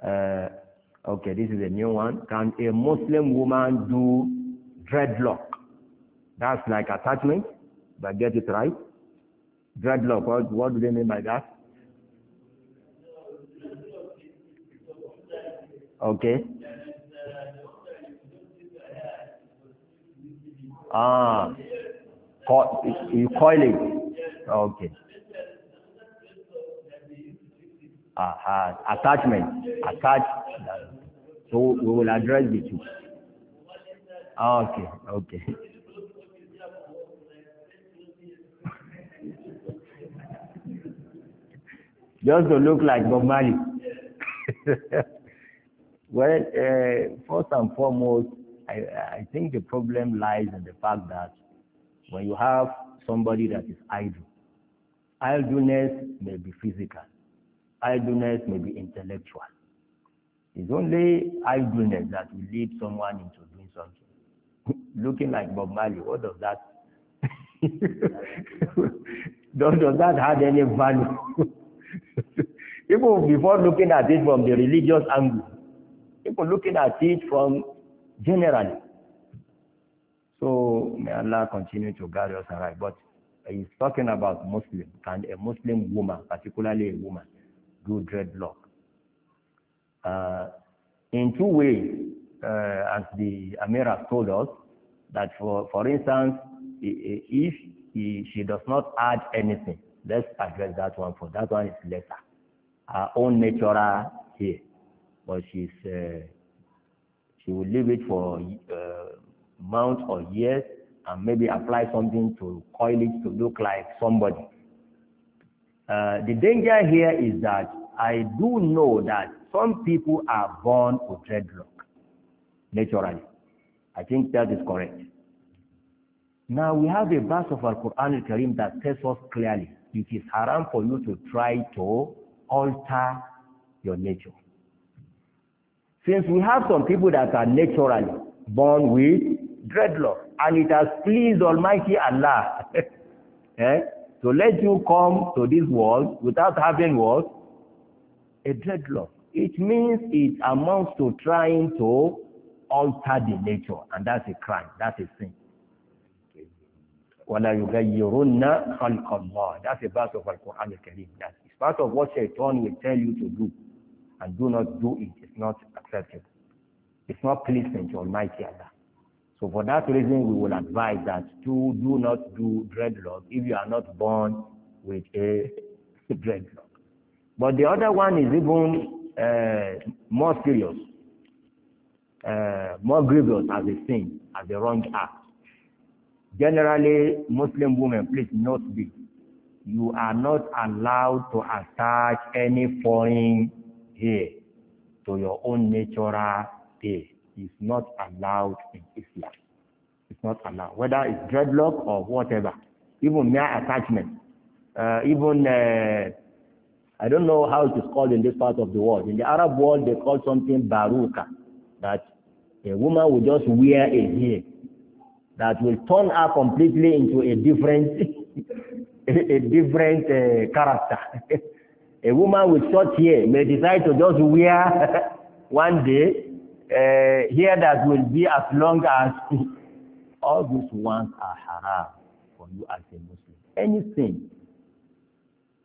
[SPEAKER 2] Uh, okay, this is a new one. Can a Muslim woman do dreadlock? That's like attachment, but get it right. Dreadlock, what, what do they mean by that? Okay. Ah, you coil it. Okay uh, attachment, attached. So we will address the two. Ah, okay, okay. <laughs> Just to look like Bob <laughs> well, uh, first and foremost, I, I think the problem lies in the fact that when you have somebody that is idle, idleness may be physical idleness may be intellectual. It's only idleness that will lead someone into doing something. <laughs> Looking like Bob Marley, what does that <laughs> does, does that have any value? People <laughs> before looking at it from the religious angle, people looking at it from generally. So may Allah continue to guide us right. But he's talking about Muslim, and a Muslim woman, particularly a woman do dreadlock. Uh, in two ways, uh, as the Amira told us, that for, for instance, if he, she does not add anything, let's address that one for that one is lesser. Her own natural here, but she's, uh, she will leave it for uh, months or years and maybe apply something to coil it to look like somebody Uh, the danger here is that I do know that some people are born with dreadlock naturally. I think that is correct. Now we have a verse of Al-Quran al-Karim that tells us clearly it is haram for you to try to alter your nature. Since we have some people that are naturally born with dreadlock and it has pleased Almighty Allah <laughs> eh, to let you come to this world without having what? A dreadlock. It means it amounts to trying to alter the nature, and that's a crime, that's a sin. وَلَا يُغَيِّرُنَّ خَلْقَ اللَّهِ That's a verse of Al-Quran al-Karim. That is part of what Shaitan will tell you to do, and do not do it. It's not acceptable. It's not pleasing to Almighty Allah. So for that reason, we will advise that to do not do dreadlock if you are not born with a <laughs> dreadlock. But the other one is even uh, more serious, uh, more grievous as a sin, as a wrong act. Generally, Muslim women, please note this. You are not allowed to attach any foreign hair to your own natural hair. is not allowed in Islam. It's not allowed. Whether it's dreadlock or whatever, even mere attachment, uh, even uh, I don't know how it is called in this part of the world. In the Arab world, they call something baruka, that a woman will just wear a hair that will turn her completely into a different, <laughs> a, different uh, character. <laughs> a woman with short hair may decide to just wear <laughs> one day uh, here that will be as long as <laughs> all these ones are haram for you as a Muslim. Anything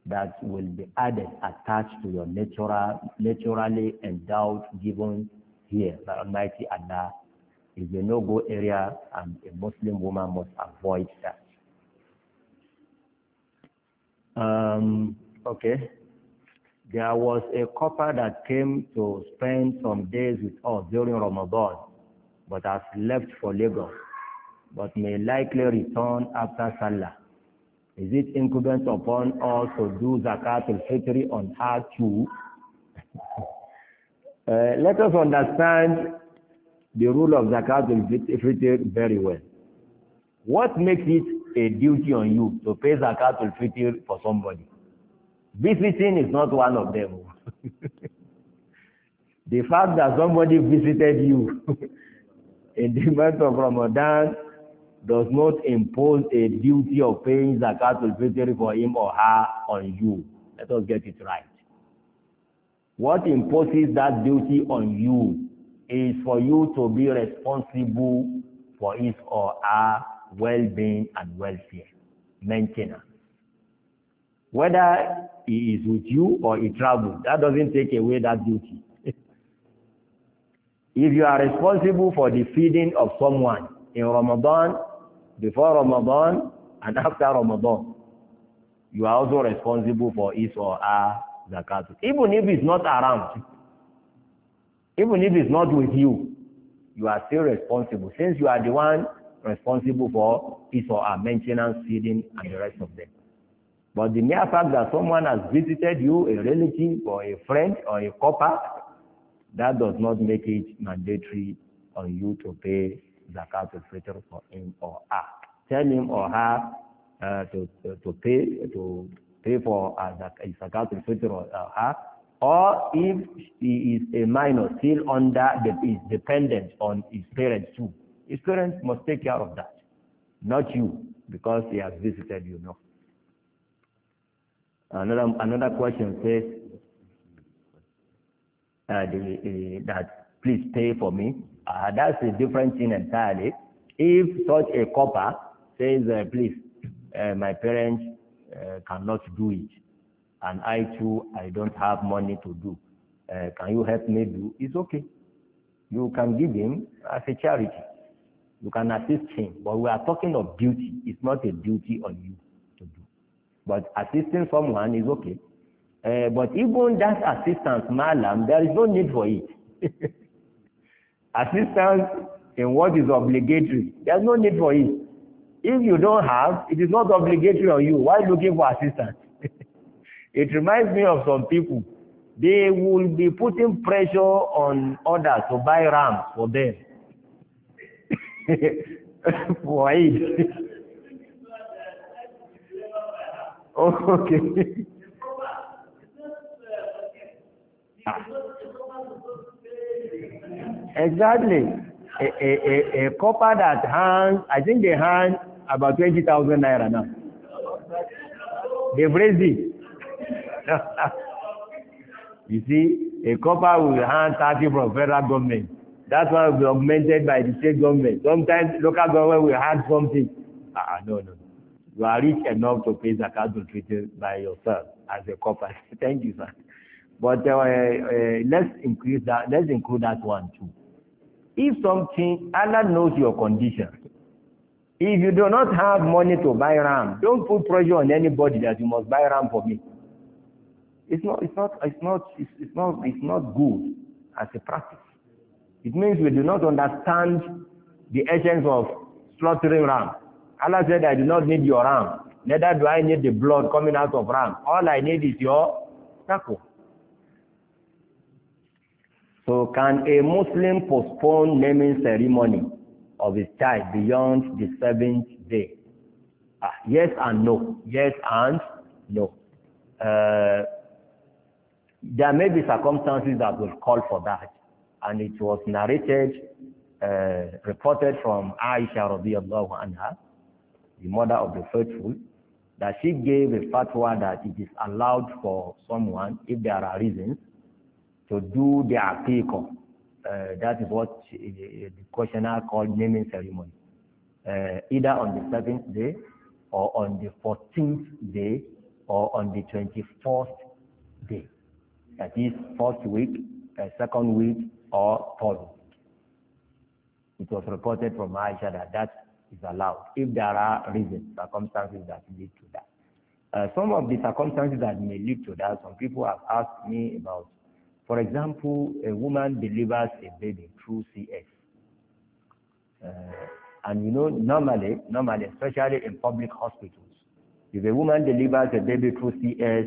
[SPEAKER 2] that will be added, attached to your natural, naturally endowed, given here by Almighty Allah is a no-go area and a Muslim woman must avoid that. Um, okay there was a couple that came to spend some days with us during Ramadan, but has left for Lagos, but may likely return after Salah. Is it incumbent upon us to do zakat al-fitr on her too? <laughs> uh, let us understand the rule of zakat al-fitr very well. What makes it a duty on you to pay zakat al-fitr for somebody? Visiting is not one of them. the fact that somebody visited you in the month of Ramadan does not impose a duty of paying zakat al-fitr for him or her on you. Let us get it right. What imposes that duty on you is for you to be responsible for his or her well-being and welfare, maintenance. Whether he is with you or he traveled. That doesn't take away that duty. if you are responsible for the feeding of someone in Ramadan, before Ramadan, and <laughs> after Ramadan, you are also responsible for his or her zakat. Even if it's not around, even if it's not with you, you are still responsible since you are the one responsible for his or her maintenance, feeding, and the rest of them. But the mere fact that someone has visited you, a relative or a friend or a copper, that does not make it mandatory on you to pay zakat al-fitr for him or her. Tell him or her uh, to, to, to pay to pay for the zakat al-fitr or uh, her. Or if he is a minor, still under the, is dependent on his parents too. His parents must take care of that, not you, because he has visited you. Another another question says uh, the, uh, that please pay for me. Uh, that's a different thing entirely. If such a copper says, uh, please, uh, my parents uh, cannot do it, and I too, I don't have money to do, can you help me do? It's okay. You can give him as a charity. You can assist him, but we are talking of duty. It's not a duty on you. But assisting someone is okay. Uh, but even that assistance, malam, there is no need for it. <laughs> assistance in what is obligatory, there's no need for it. If you don't have, it is not obligatory on you. Why looking for assistance? <laughs> it reminds me of some people. They will be putting pressure on others to buy ram for them.
[SPEAKER 1] <laughs> for it. ókè.
[SPEAKER 2] Exactly. A, a, a, a copper that hangs, I think they hang about 20,000 naira now. They've raised it. <laughs> you see, a copper will hang 30 from federal government. That's why will be augmented by the state government. Sometimes local government will hang something. Ah, no, no. You are rich enough to pay treat it by yourself as a corporate. <laughs> Thank you, sir. But uh, uh, let's increase that. Let's include that one too. If something Allah knows your condition. If you do not have money to buy ram, don't put pressure on anybody that you must buy ram for me. It's not. It's not. It's not. It's, it's not. It's not good as a practice. It means we do not understand the essence of slaughtering ram. Allah said, I do not need your ram. Neither do I need the blood coming out of ram. All I need is your taqwa. So can a Muslim postpone naming ceremony of his child beyond the seventh day? Ah, yes and no. Yes and no. Uh, there may be circumstances that will call for that. And it was narrated, uh, reported from Aisha radiallahu anha, the mother of the faithful, that she gave a fatwa that it is allowed for someone, if there are reasons, to do the aqiqah. Uh, that is what she, uh, the questioner called naming ceremony, uh, either on the seventh day, or on the fourteenth day, or on the twenty-fourth day. That is first week, uh, second week, or third week. It was reported from Aisha that that is allowed if there are reasons, circumstances that lead to that. Uh, some of the circumstances that may lead to that, some people have asked me about, for example, a woman delivers a baby through CS. Uh, and you know, normally, normally, especially in public hospitals, if a woman delivers a baby through CS,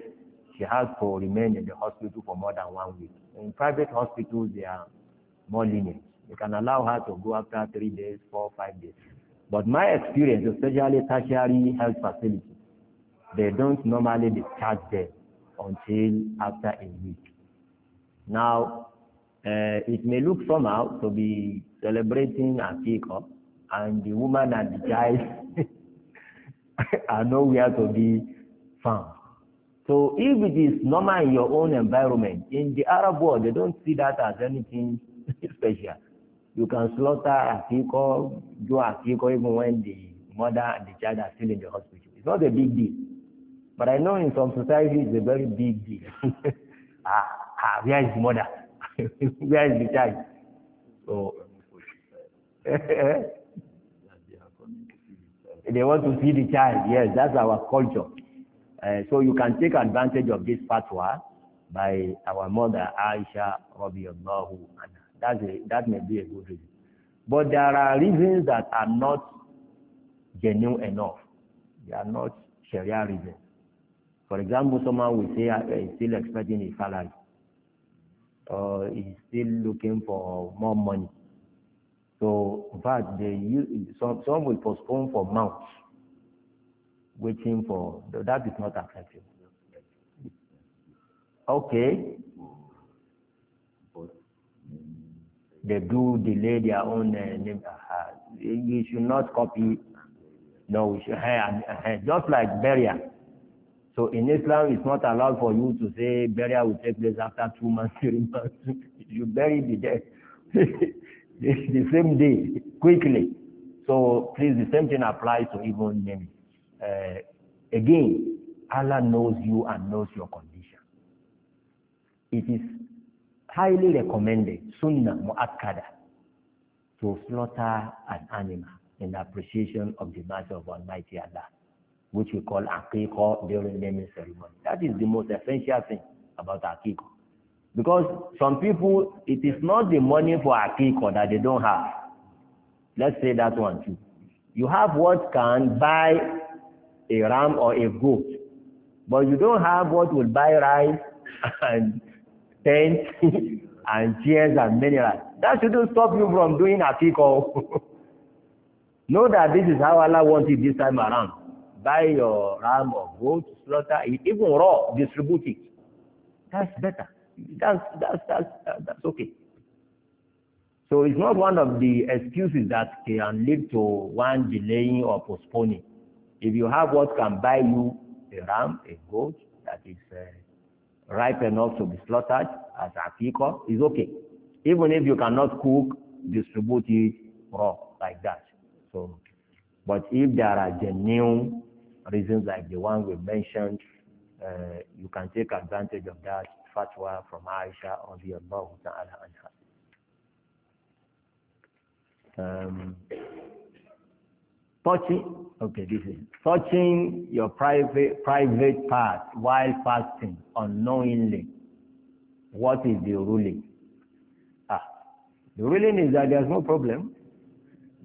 [SPEAKER 2] she has to remain in the hospital for more than one week. In private hospitals, they are more lenient. They can allow her to go after three days, four, five days. But my experience, especially tertiary health facilities, they don't normally discharge them until after a week. Now, uh, it may look somehow to be celebrating a pickup, and the woman and the child <laughs> are nowhere to be found. So if it is normal in your own environment, in the Arab world, they don't see that as anything <laughs> special. You can slaughter a Akiko, do people, even when the mother and the child are still in the hospital. It's not a big deal. But I know in some societies it's a very big deal. <laughs> ah, ah, where is the mother? <laughs> where is the child? So, <laughs> they want to see the child. Yes, that's our culture. Uh, so you can take advantage of this fatwa by our mother Aisha radiallahu anha. That's a, that may be a good reason. But there are reasons that are not genuine enough. They are not Sharia reasons. For example, someone will say, ah, eh, he's still expecting a salary, or uh, he's still looking for more money. So, in fact, they use, some, some will postpone for months, waiting for, that is not acceptable. Okay, They do delay their own uh, uh, uh, You should not copy. No, we should, uh, just like burial. So in Islam, it's not allowed for you to say burial will take place after two months, <laughs> three months. you bury the dead <laughs> the same day, quickly. So please, the same thing applies to even name. Uh, again, Allah knows you and knows your condition. It is highly recommended, sunnah mu'akkada, to slaughter an animal in appreciation of the mercy of Almighty Allah, which we call aqiqah during naming ceremony. That is the most essential thing about aqiqah. Because some people, it is not the money for aqiqah that they don't have. Let's say that one too. You have what can buy a ram or a goat, but you don't have what will buy rice <laughs> and tents <laughs> and chairs and minerals. That shouldn't stop you from doing akiko. Oh. <laughs> know that this is how Allah wants it this time around. Buy your ram or goat, slaughter even raw, distribute it. That's better. That's, that's, that's, that's okay. So it's not one of the excuses that can lead to one delaying or postponing. If you have what can buy you a ram, a goat that is uh, ripe enough to be slaughtered as a akiko is okay. Even if you cannot cook, distribute it raw like that. So, but if there are genuine reasons like the one we mentioned, uh, you can take advantage of that fatwa from Aisha or the above. Um, Touching, okay, this is touching your private private part while fasting unknowingly. What is the ruling? Ah, the ruling is that there's no problem,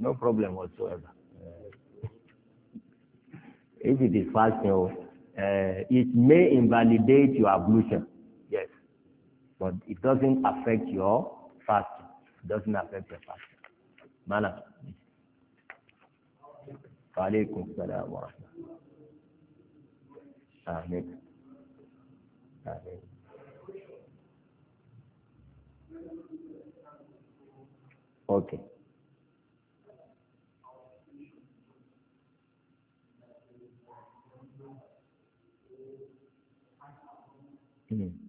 [SPEAKER 2] no problem whatsoever. Uh, <laughs> if it is fasting, oh, uh, it may invalidate your ablution, yes, but it doesn't affect your fasting. It doesn't affect your fasting. Malam. وعليكم السلام ورحمة الله آمين آمين أوكي Mm-hmm.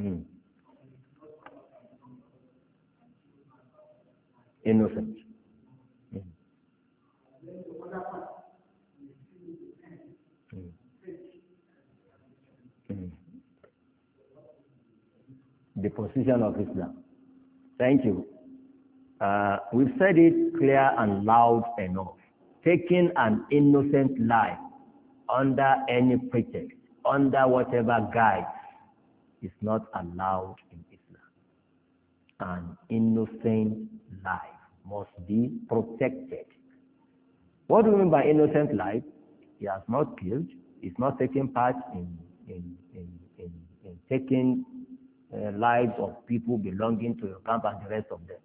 [SPEAKER 2] Mm. Innocent. Hmm. Hmm. Hmm. The position of Islam. Thank you. Uh, we've said it clear and loud enough. Taking an innocent life under any pretext, under whatever guise, is not allowed in Islam. An innocent life must be protected. What do you mean by innocent life? He has not killed, he's not taking part in, in, in, in, in taking uh, lives of people belonging to your camp and the rest of them.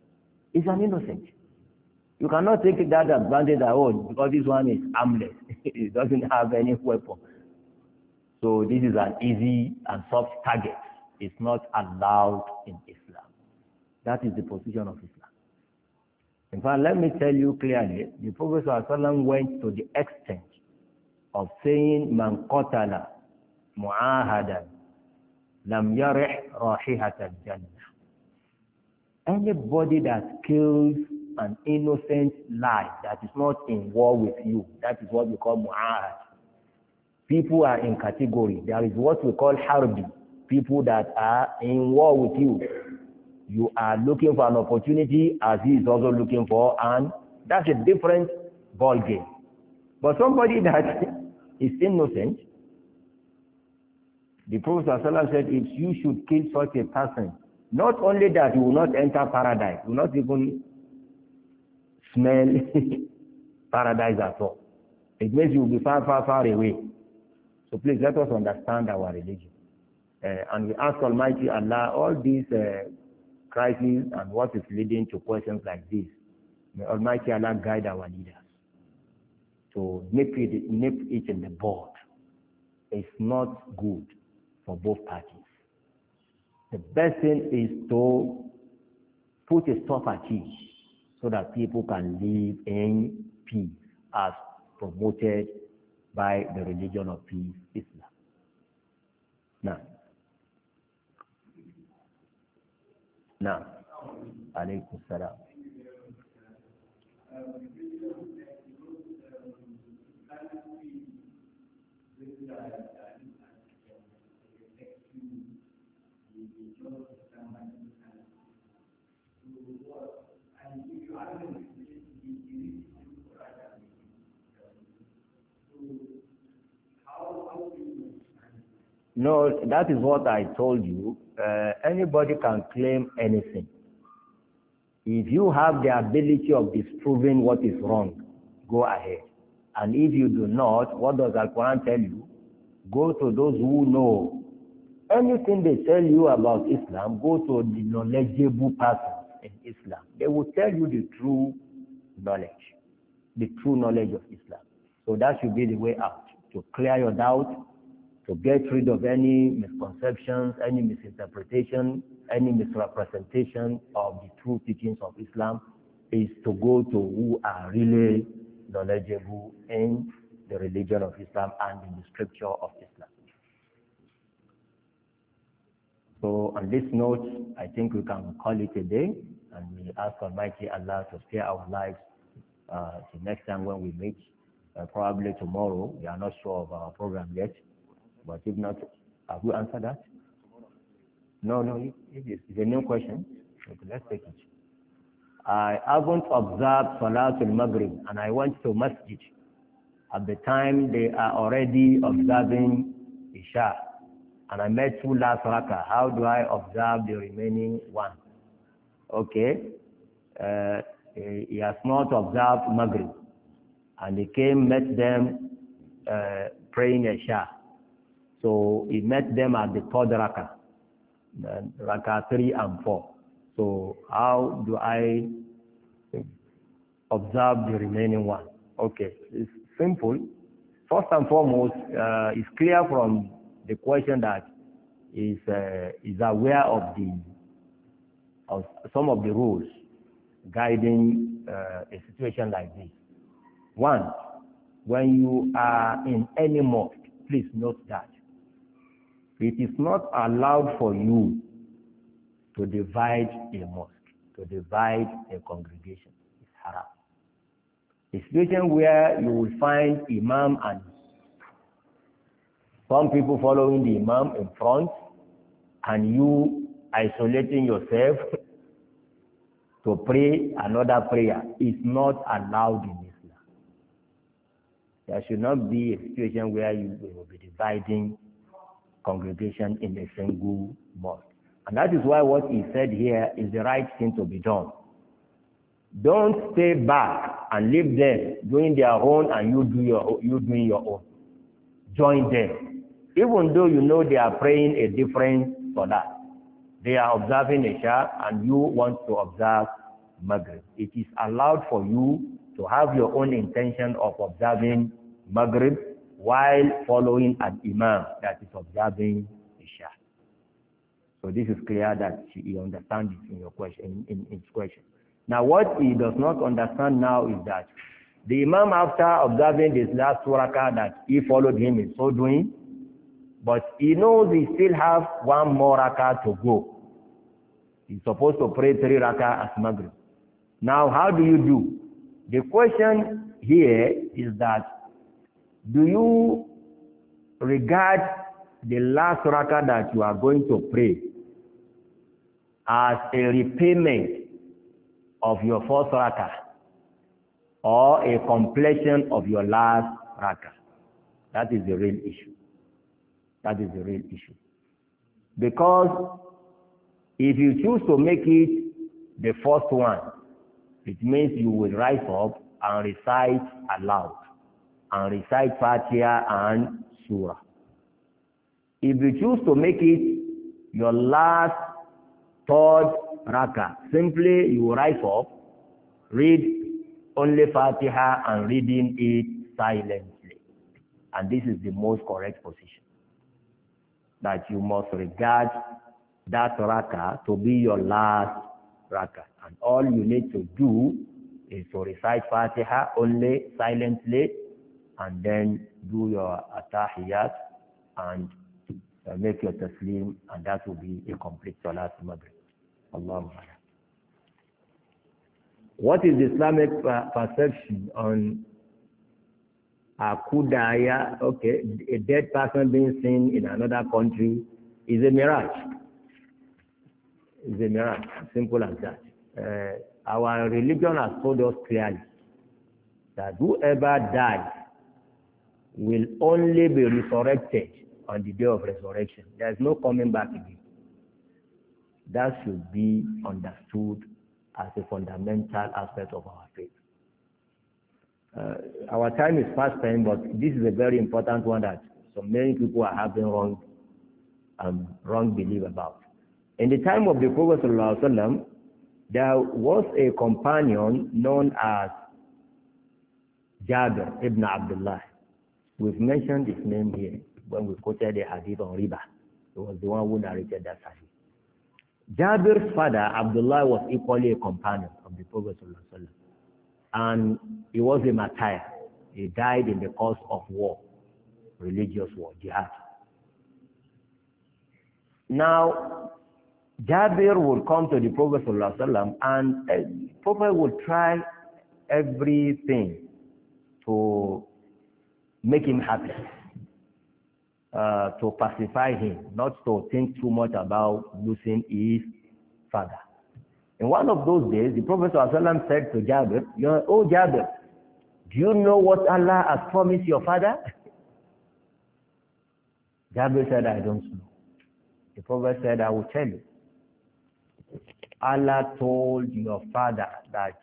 [SPEAKER 2] He's an innocent. You cannot take that advantage at all because this one is harmless. <laughs> he doesn't have any weapon. So this is an easy and soft target. It's not allowed in Islam. That is the position of Islam. In fact, let me tell you clearly, the Prophet ﷺ went to the extent of saying, Man qatala mu'ahadan lam yarih rahihat al-jannah. Anybody that kills an innocent life that is not in war with you, that is what we call mu'ahad. People are in category. There is what we call harbi, people that are in war with you. You are looking for an opportunity as he is also looking for, and that's a different ball game. But somebody <laughs> that is innocent, the Prophet said, if you should kill such a person, not only that, you will not enter paradise, you will not even smell <laughs> paradise at all. It means you will be far, far, far away. So please let us understand our religion. Uh, and we ask Almighty Allah all these uh, crises and what is leading to questions like this. May Almighty Allah guide our leaders to nip it, nip it in the bud. It's not good for both parties. The best thing is to put a stop at it so that people can live in peace as promoted by the religion of peace, Islam. Now, now, alaykum salam. No, that is what I told you. Uh, anybody can claim anything. If you have the ability of disproving what is wrong, go ahead. And if you do not, what does Al-Quran tell you? Go to those who know. Anything they tell you about Islam, go to the knowledgeable persons in Islam. They will tell you the true knowledge, the true knowledge of Islam. So that should be the way out, to clear your doubt to get rid of any misconceptions, any misinterpretation, any misrepresentation of the true teachings of Islam is to go to who are really knowledgeable in the religion of Islam and in the scripture of Islam. So on this note, I think we can call it a day and we ask Almighty Allah to spare our lives uh, the next time when we meet, uh, probably tomorrow. We are not sure of our program yet. But if not, have we answered that? No, no, it is it's a new question. Okay, let's take it. I haven't observed Salatul Maghrib and I went to Masjid. At the time they are already observing Isha and I met two last rakah. How do I observe the remaining one? Okay. Uh, he has not observed Maghrib and he came, met them uh, praying Isha. So he met them at the third raka, raka three and four. So how do I observe the remaining one? Okay, it's simple. First and foremost, uh, it's clear from the question that is uh, is aware of the of some of the rules guiding uh, a situation like this. One, when you are in any mosque, please note that it is not allowed for you to divide a mosque, to divide a congregation. It's haram. A situation where you will find imam and some people following the imam in front and you isolating yourself <laughs> to pray another prayer is not allowed in Islam. There should not be a situation where you will be dividing congregation in a single mosque. And that is why what he said here is the right thing to be done. Don't stay back and leave them doing their own and you do your you doing your own. Join them. Even though you know they are praying a different salah. They are observing Isha and you want to observe Maghrib. It is allowed for you to have your own intention of observing Maghrib while following an imam that is observing Isha. So this is clear that he understands in your question in, in his question. Now what he does not understand now is that the Imam after observing this last rakah that he followed him in so doing, but he knows he still have one more raka to go. He's supposed to pray three raka as Maghrib. Now how do you do? The question here is that do you regard the last raka that you are going to pray as a repayment of your first raka, or a completion of your last raka? That is the real issue. That is the real issue. Because if you choose to make it the first one, it means you will rise up and recite aloud and recite Fatiha and Surah. If you choose to make it your last third raka, simply you rise up, read only Fatiha and reading it silently. And this is the most correct position. That you must regard that raka to be your last raka. And all you need to do is to recite Fatiha only silently and then do your atahiyat and uh, make your taslim, and that will be a complete salat maghrib. Allahumma. What is Islamic perception on akudaya? Okay, a dead person being seen in another country is a mirage. Is a mirage, simple as that. Uh, our religion has told us clearly that whoever dies will only be resurrected on the day of resurrection. There is no coming back again. That should be understood as a fundamental aspect of our faith. Uh, our time is fast spent, but this is a very important one that so many people are having wrong, um, wrong belief about. In the time of the Prophet ﷺ, there was a companion known as Jabir ibn Abdullah. We've mentioned his name here when we quoted the hadith on riba. He was the one who narrated that hadith. Jabir's father, Abdullah, was equally a companion of the Prophet and he was a martyr. He died in the course of war, religious war, jihad. Now, Jabir would come to the Prophet ﷺ and the eh, Prophet would try everything to make him happy, uh, to pacify him, not to think too much about losing his father. In one of those days, the Prophet ﷺ said to Jabir, Oh Jabir, do you know what Allah has promised your father? <laughs> Jabir said, I don't know. The Prophet said, I will tell you. Allah told your father that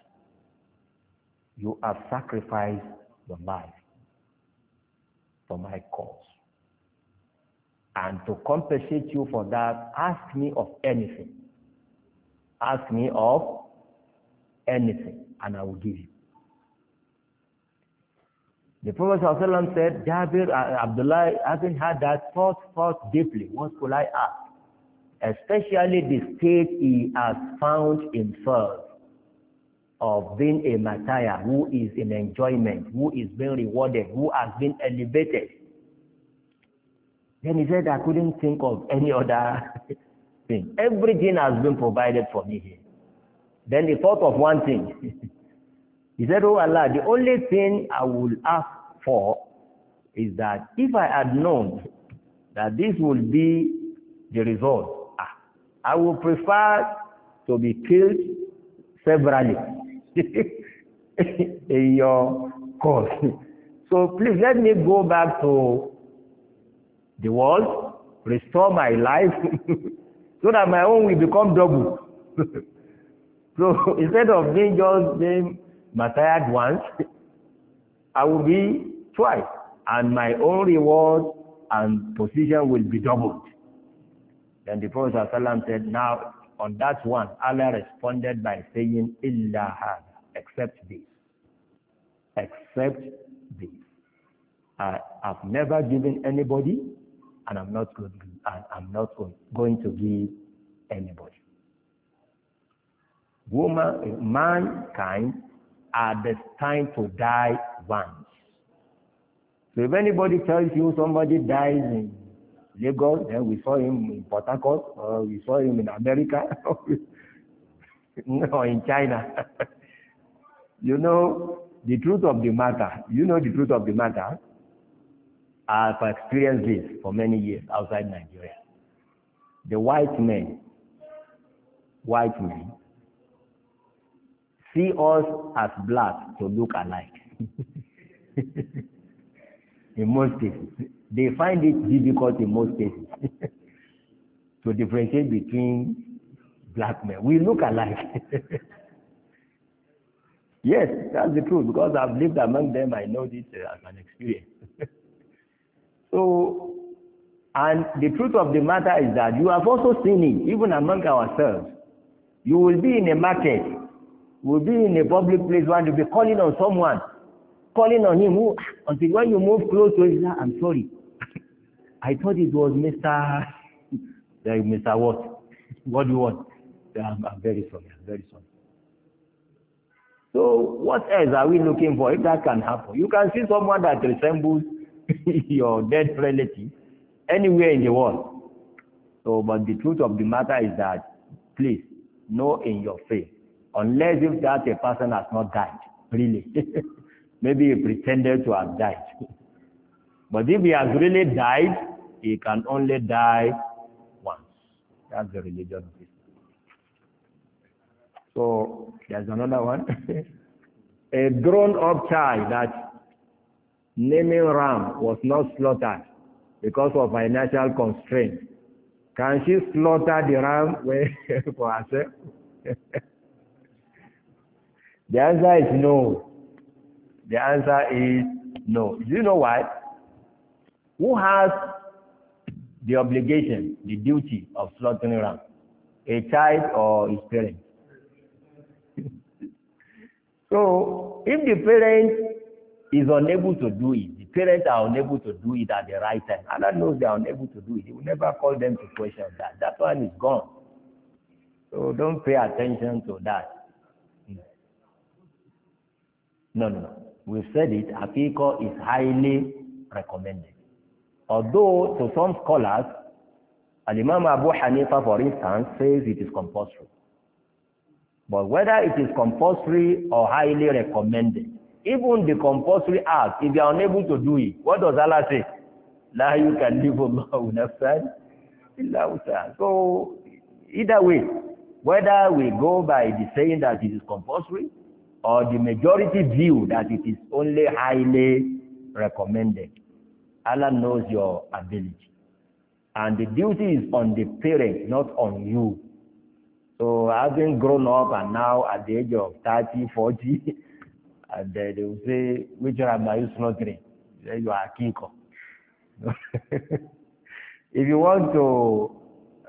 [SPEAKER 2] you have sacrificed your life for my cause. And to compensate you for that, ask me of anything. Ask me of anything, and I will give you. The Prophet ﷺ said, Jabir uh, Abdullah, having had that thought, thought deeply, what could I ask? Especially the state he has found himself of being a martyr who is in enjoyment, who is being rewarded, who has been elevated. Then he said, I couldn't think of any other <laughs> thing. Everything has been provided for me here. Then he thought of one thing. <laughs> he said, Oh Allah, the only thing I will ask for is that if I had known that this would be the result, ah, I would prefer to be killed severally <laughs> in your course. So please let me go back to the world, restore my life, <laughs> so that my own will become double. <laughs> so instead of being just being martyred once, I will be twice, and my own reward and position will be doubled. Then the Prophet said, now On that one, Allah responded by saying, Illa hada, except this. Except this. I have never given anybody, and I'm not and I'm not going to give anybody. Woman, mankind are destined to die once. So if anybody tells you somebody dies in Lagos, then we saw him in Port Harcourt, or we saw him in America, <laughs> or in China. <laughs> you know the truth of the matter. You know the truth of the matter. I've experienced this for many years outside Nigeria. The white men, white men, see us as black to look alike. <laughs> in most cases. They find it difficult in most cases <laughs> to differentiate between black men. We look alike. <laughs> yes, that's the truth because I've lived among them. I know this uh, as an experience. <laughs> so, and the truth of the matter is that you have also seen it, even among ourselves. You will be in a market, will be in a public place, one You'll be calling on someone, calling on him who, until when you move close to him, ah, I'm sorry. I thought it was Mr. <laughs> like Mr. What? what do you want? I'm, I'm very sorry. I'm very sorry. So what else are we looking for if that can happen? You can see someone that resembles <laughs> your dead relative anywhere in the world. So, but the truth of the matter is that, please, know in your faith, unless if that a person has not died, really. <laughs> Maybe he pretended to have died. but if he has really died, he can only die once. That's the religion of Islam. So there's another one. <laughs> a grown-up child that naming ram was not slaughtered because of financial constraints. Can she slaughter the ram <laughs> for herself? <laughs> the answer is no. The answer is no. Do you know why? Who has the obligation, the duty of slaughtering ram, a child or his parent. <laughs> so if the parent is unable to do it, the parents are unable to do it at the right time. Allah knows they are unable to do it. He will never call them to question that. That one is gone. So don't pay attention to that. No, no, no. We've said it. Akiko is highly recommended. Although to some scholars, Al-Imam Abu Hanifa, for instance, says it is compulsory. But whether it is compulsory or highly recommended, even the compulsory act, if you are unable to do it, what does Allah say? La yukallifu nafsan illa wusaha. So either way, whether we go by the saying that it is compulsory or the majority view that it is only highly recommended. Allah knows your ability. And the duty is on the parent, not on you. So having grown up and now at the age of 30, 40, <laughs> and they will say, which one are you slaughtering? You are a kinko. <laughs> if you want to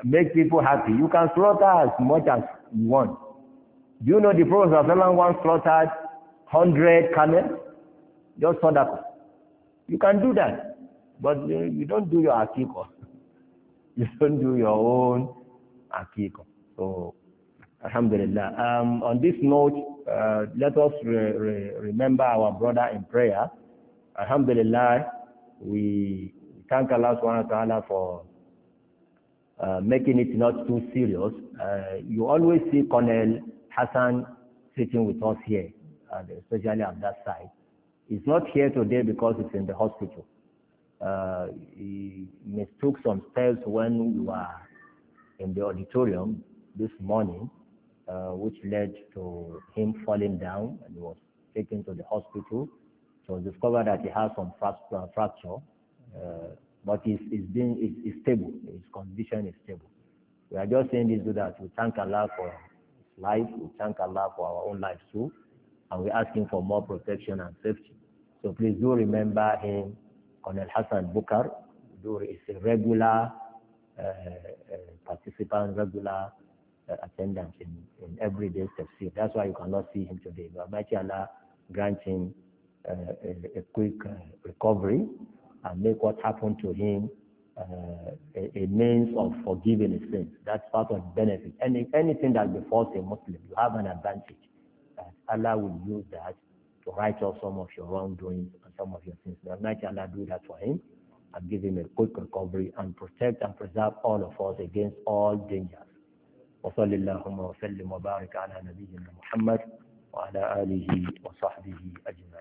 [SPEAKER 2] make people happy, you can slaughter as much as you want. Do you know the Prophet of Allah once slaughtered 100 camels? Just for that. You can do that. But you don't do your akiko. <laughs> You don't do your own akiko. So, alhamdulillah. Um, on this note, uh, let us re re remember our brother in prayer. Alhamdulillah, we thank Allah subhanahu wa ta'ala for uh, making it not too serious. Uh, you always see Colonel Hassan sitting with us here, uh, especially on that side. He's not here today because he's in the hospital uh, he mistook some steps when we were in the auditorium this morning, uh, which led to him falling down and was taken to the hospital. So we discovered that he has some fracture, uh, but he's, he's, being, he's, he's stable. His condition is stable. We are just saying this so that we thank Allah for his life, we thank Allah for our own lives too, and we are asking for more protection and safety. So please do remember Him Colonel Hassan Bukar, who is a regular uh, uh participant, regular uh, attendance in, in every day's tafsir. That's why you cannot see him today. But may Allah grant him uh, a, a, quick uh, recovery and make what happened to him uh, a, a, means of forgiving his sins. That's part of the benefit. Any, anything that befalls a Muslim, you have an advantage. That Allah will use that to right off some of your wrongdoings some of your things. May Almighty Allah do that for him and give him a quick recovery and protect and preserve all of us against all dangers. وصل اللهم وسلم وبارك على نبينا محمد وعلى آله وصحبه أجمعين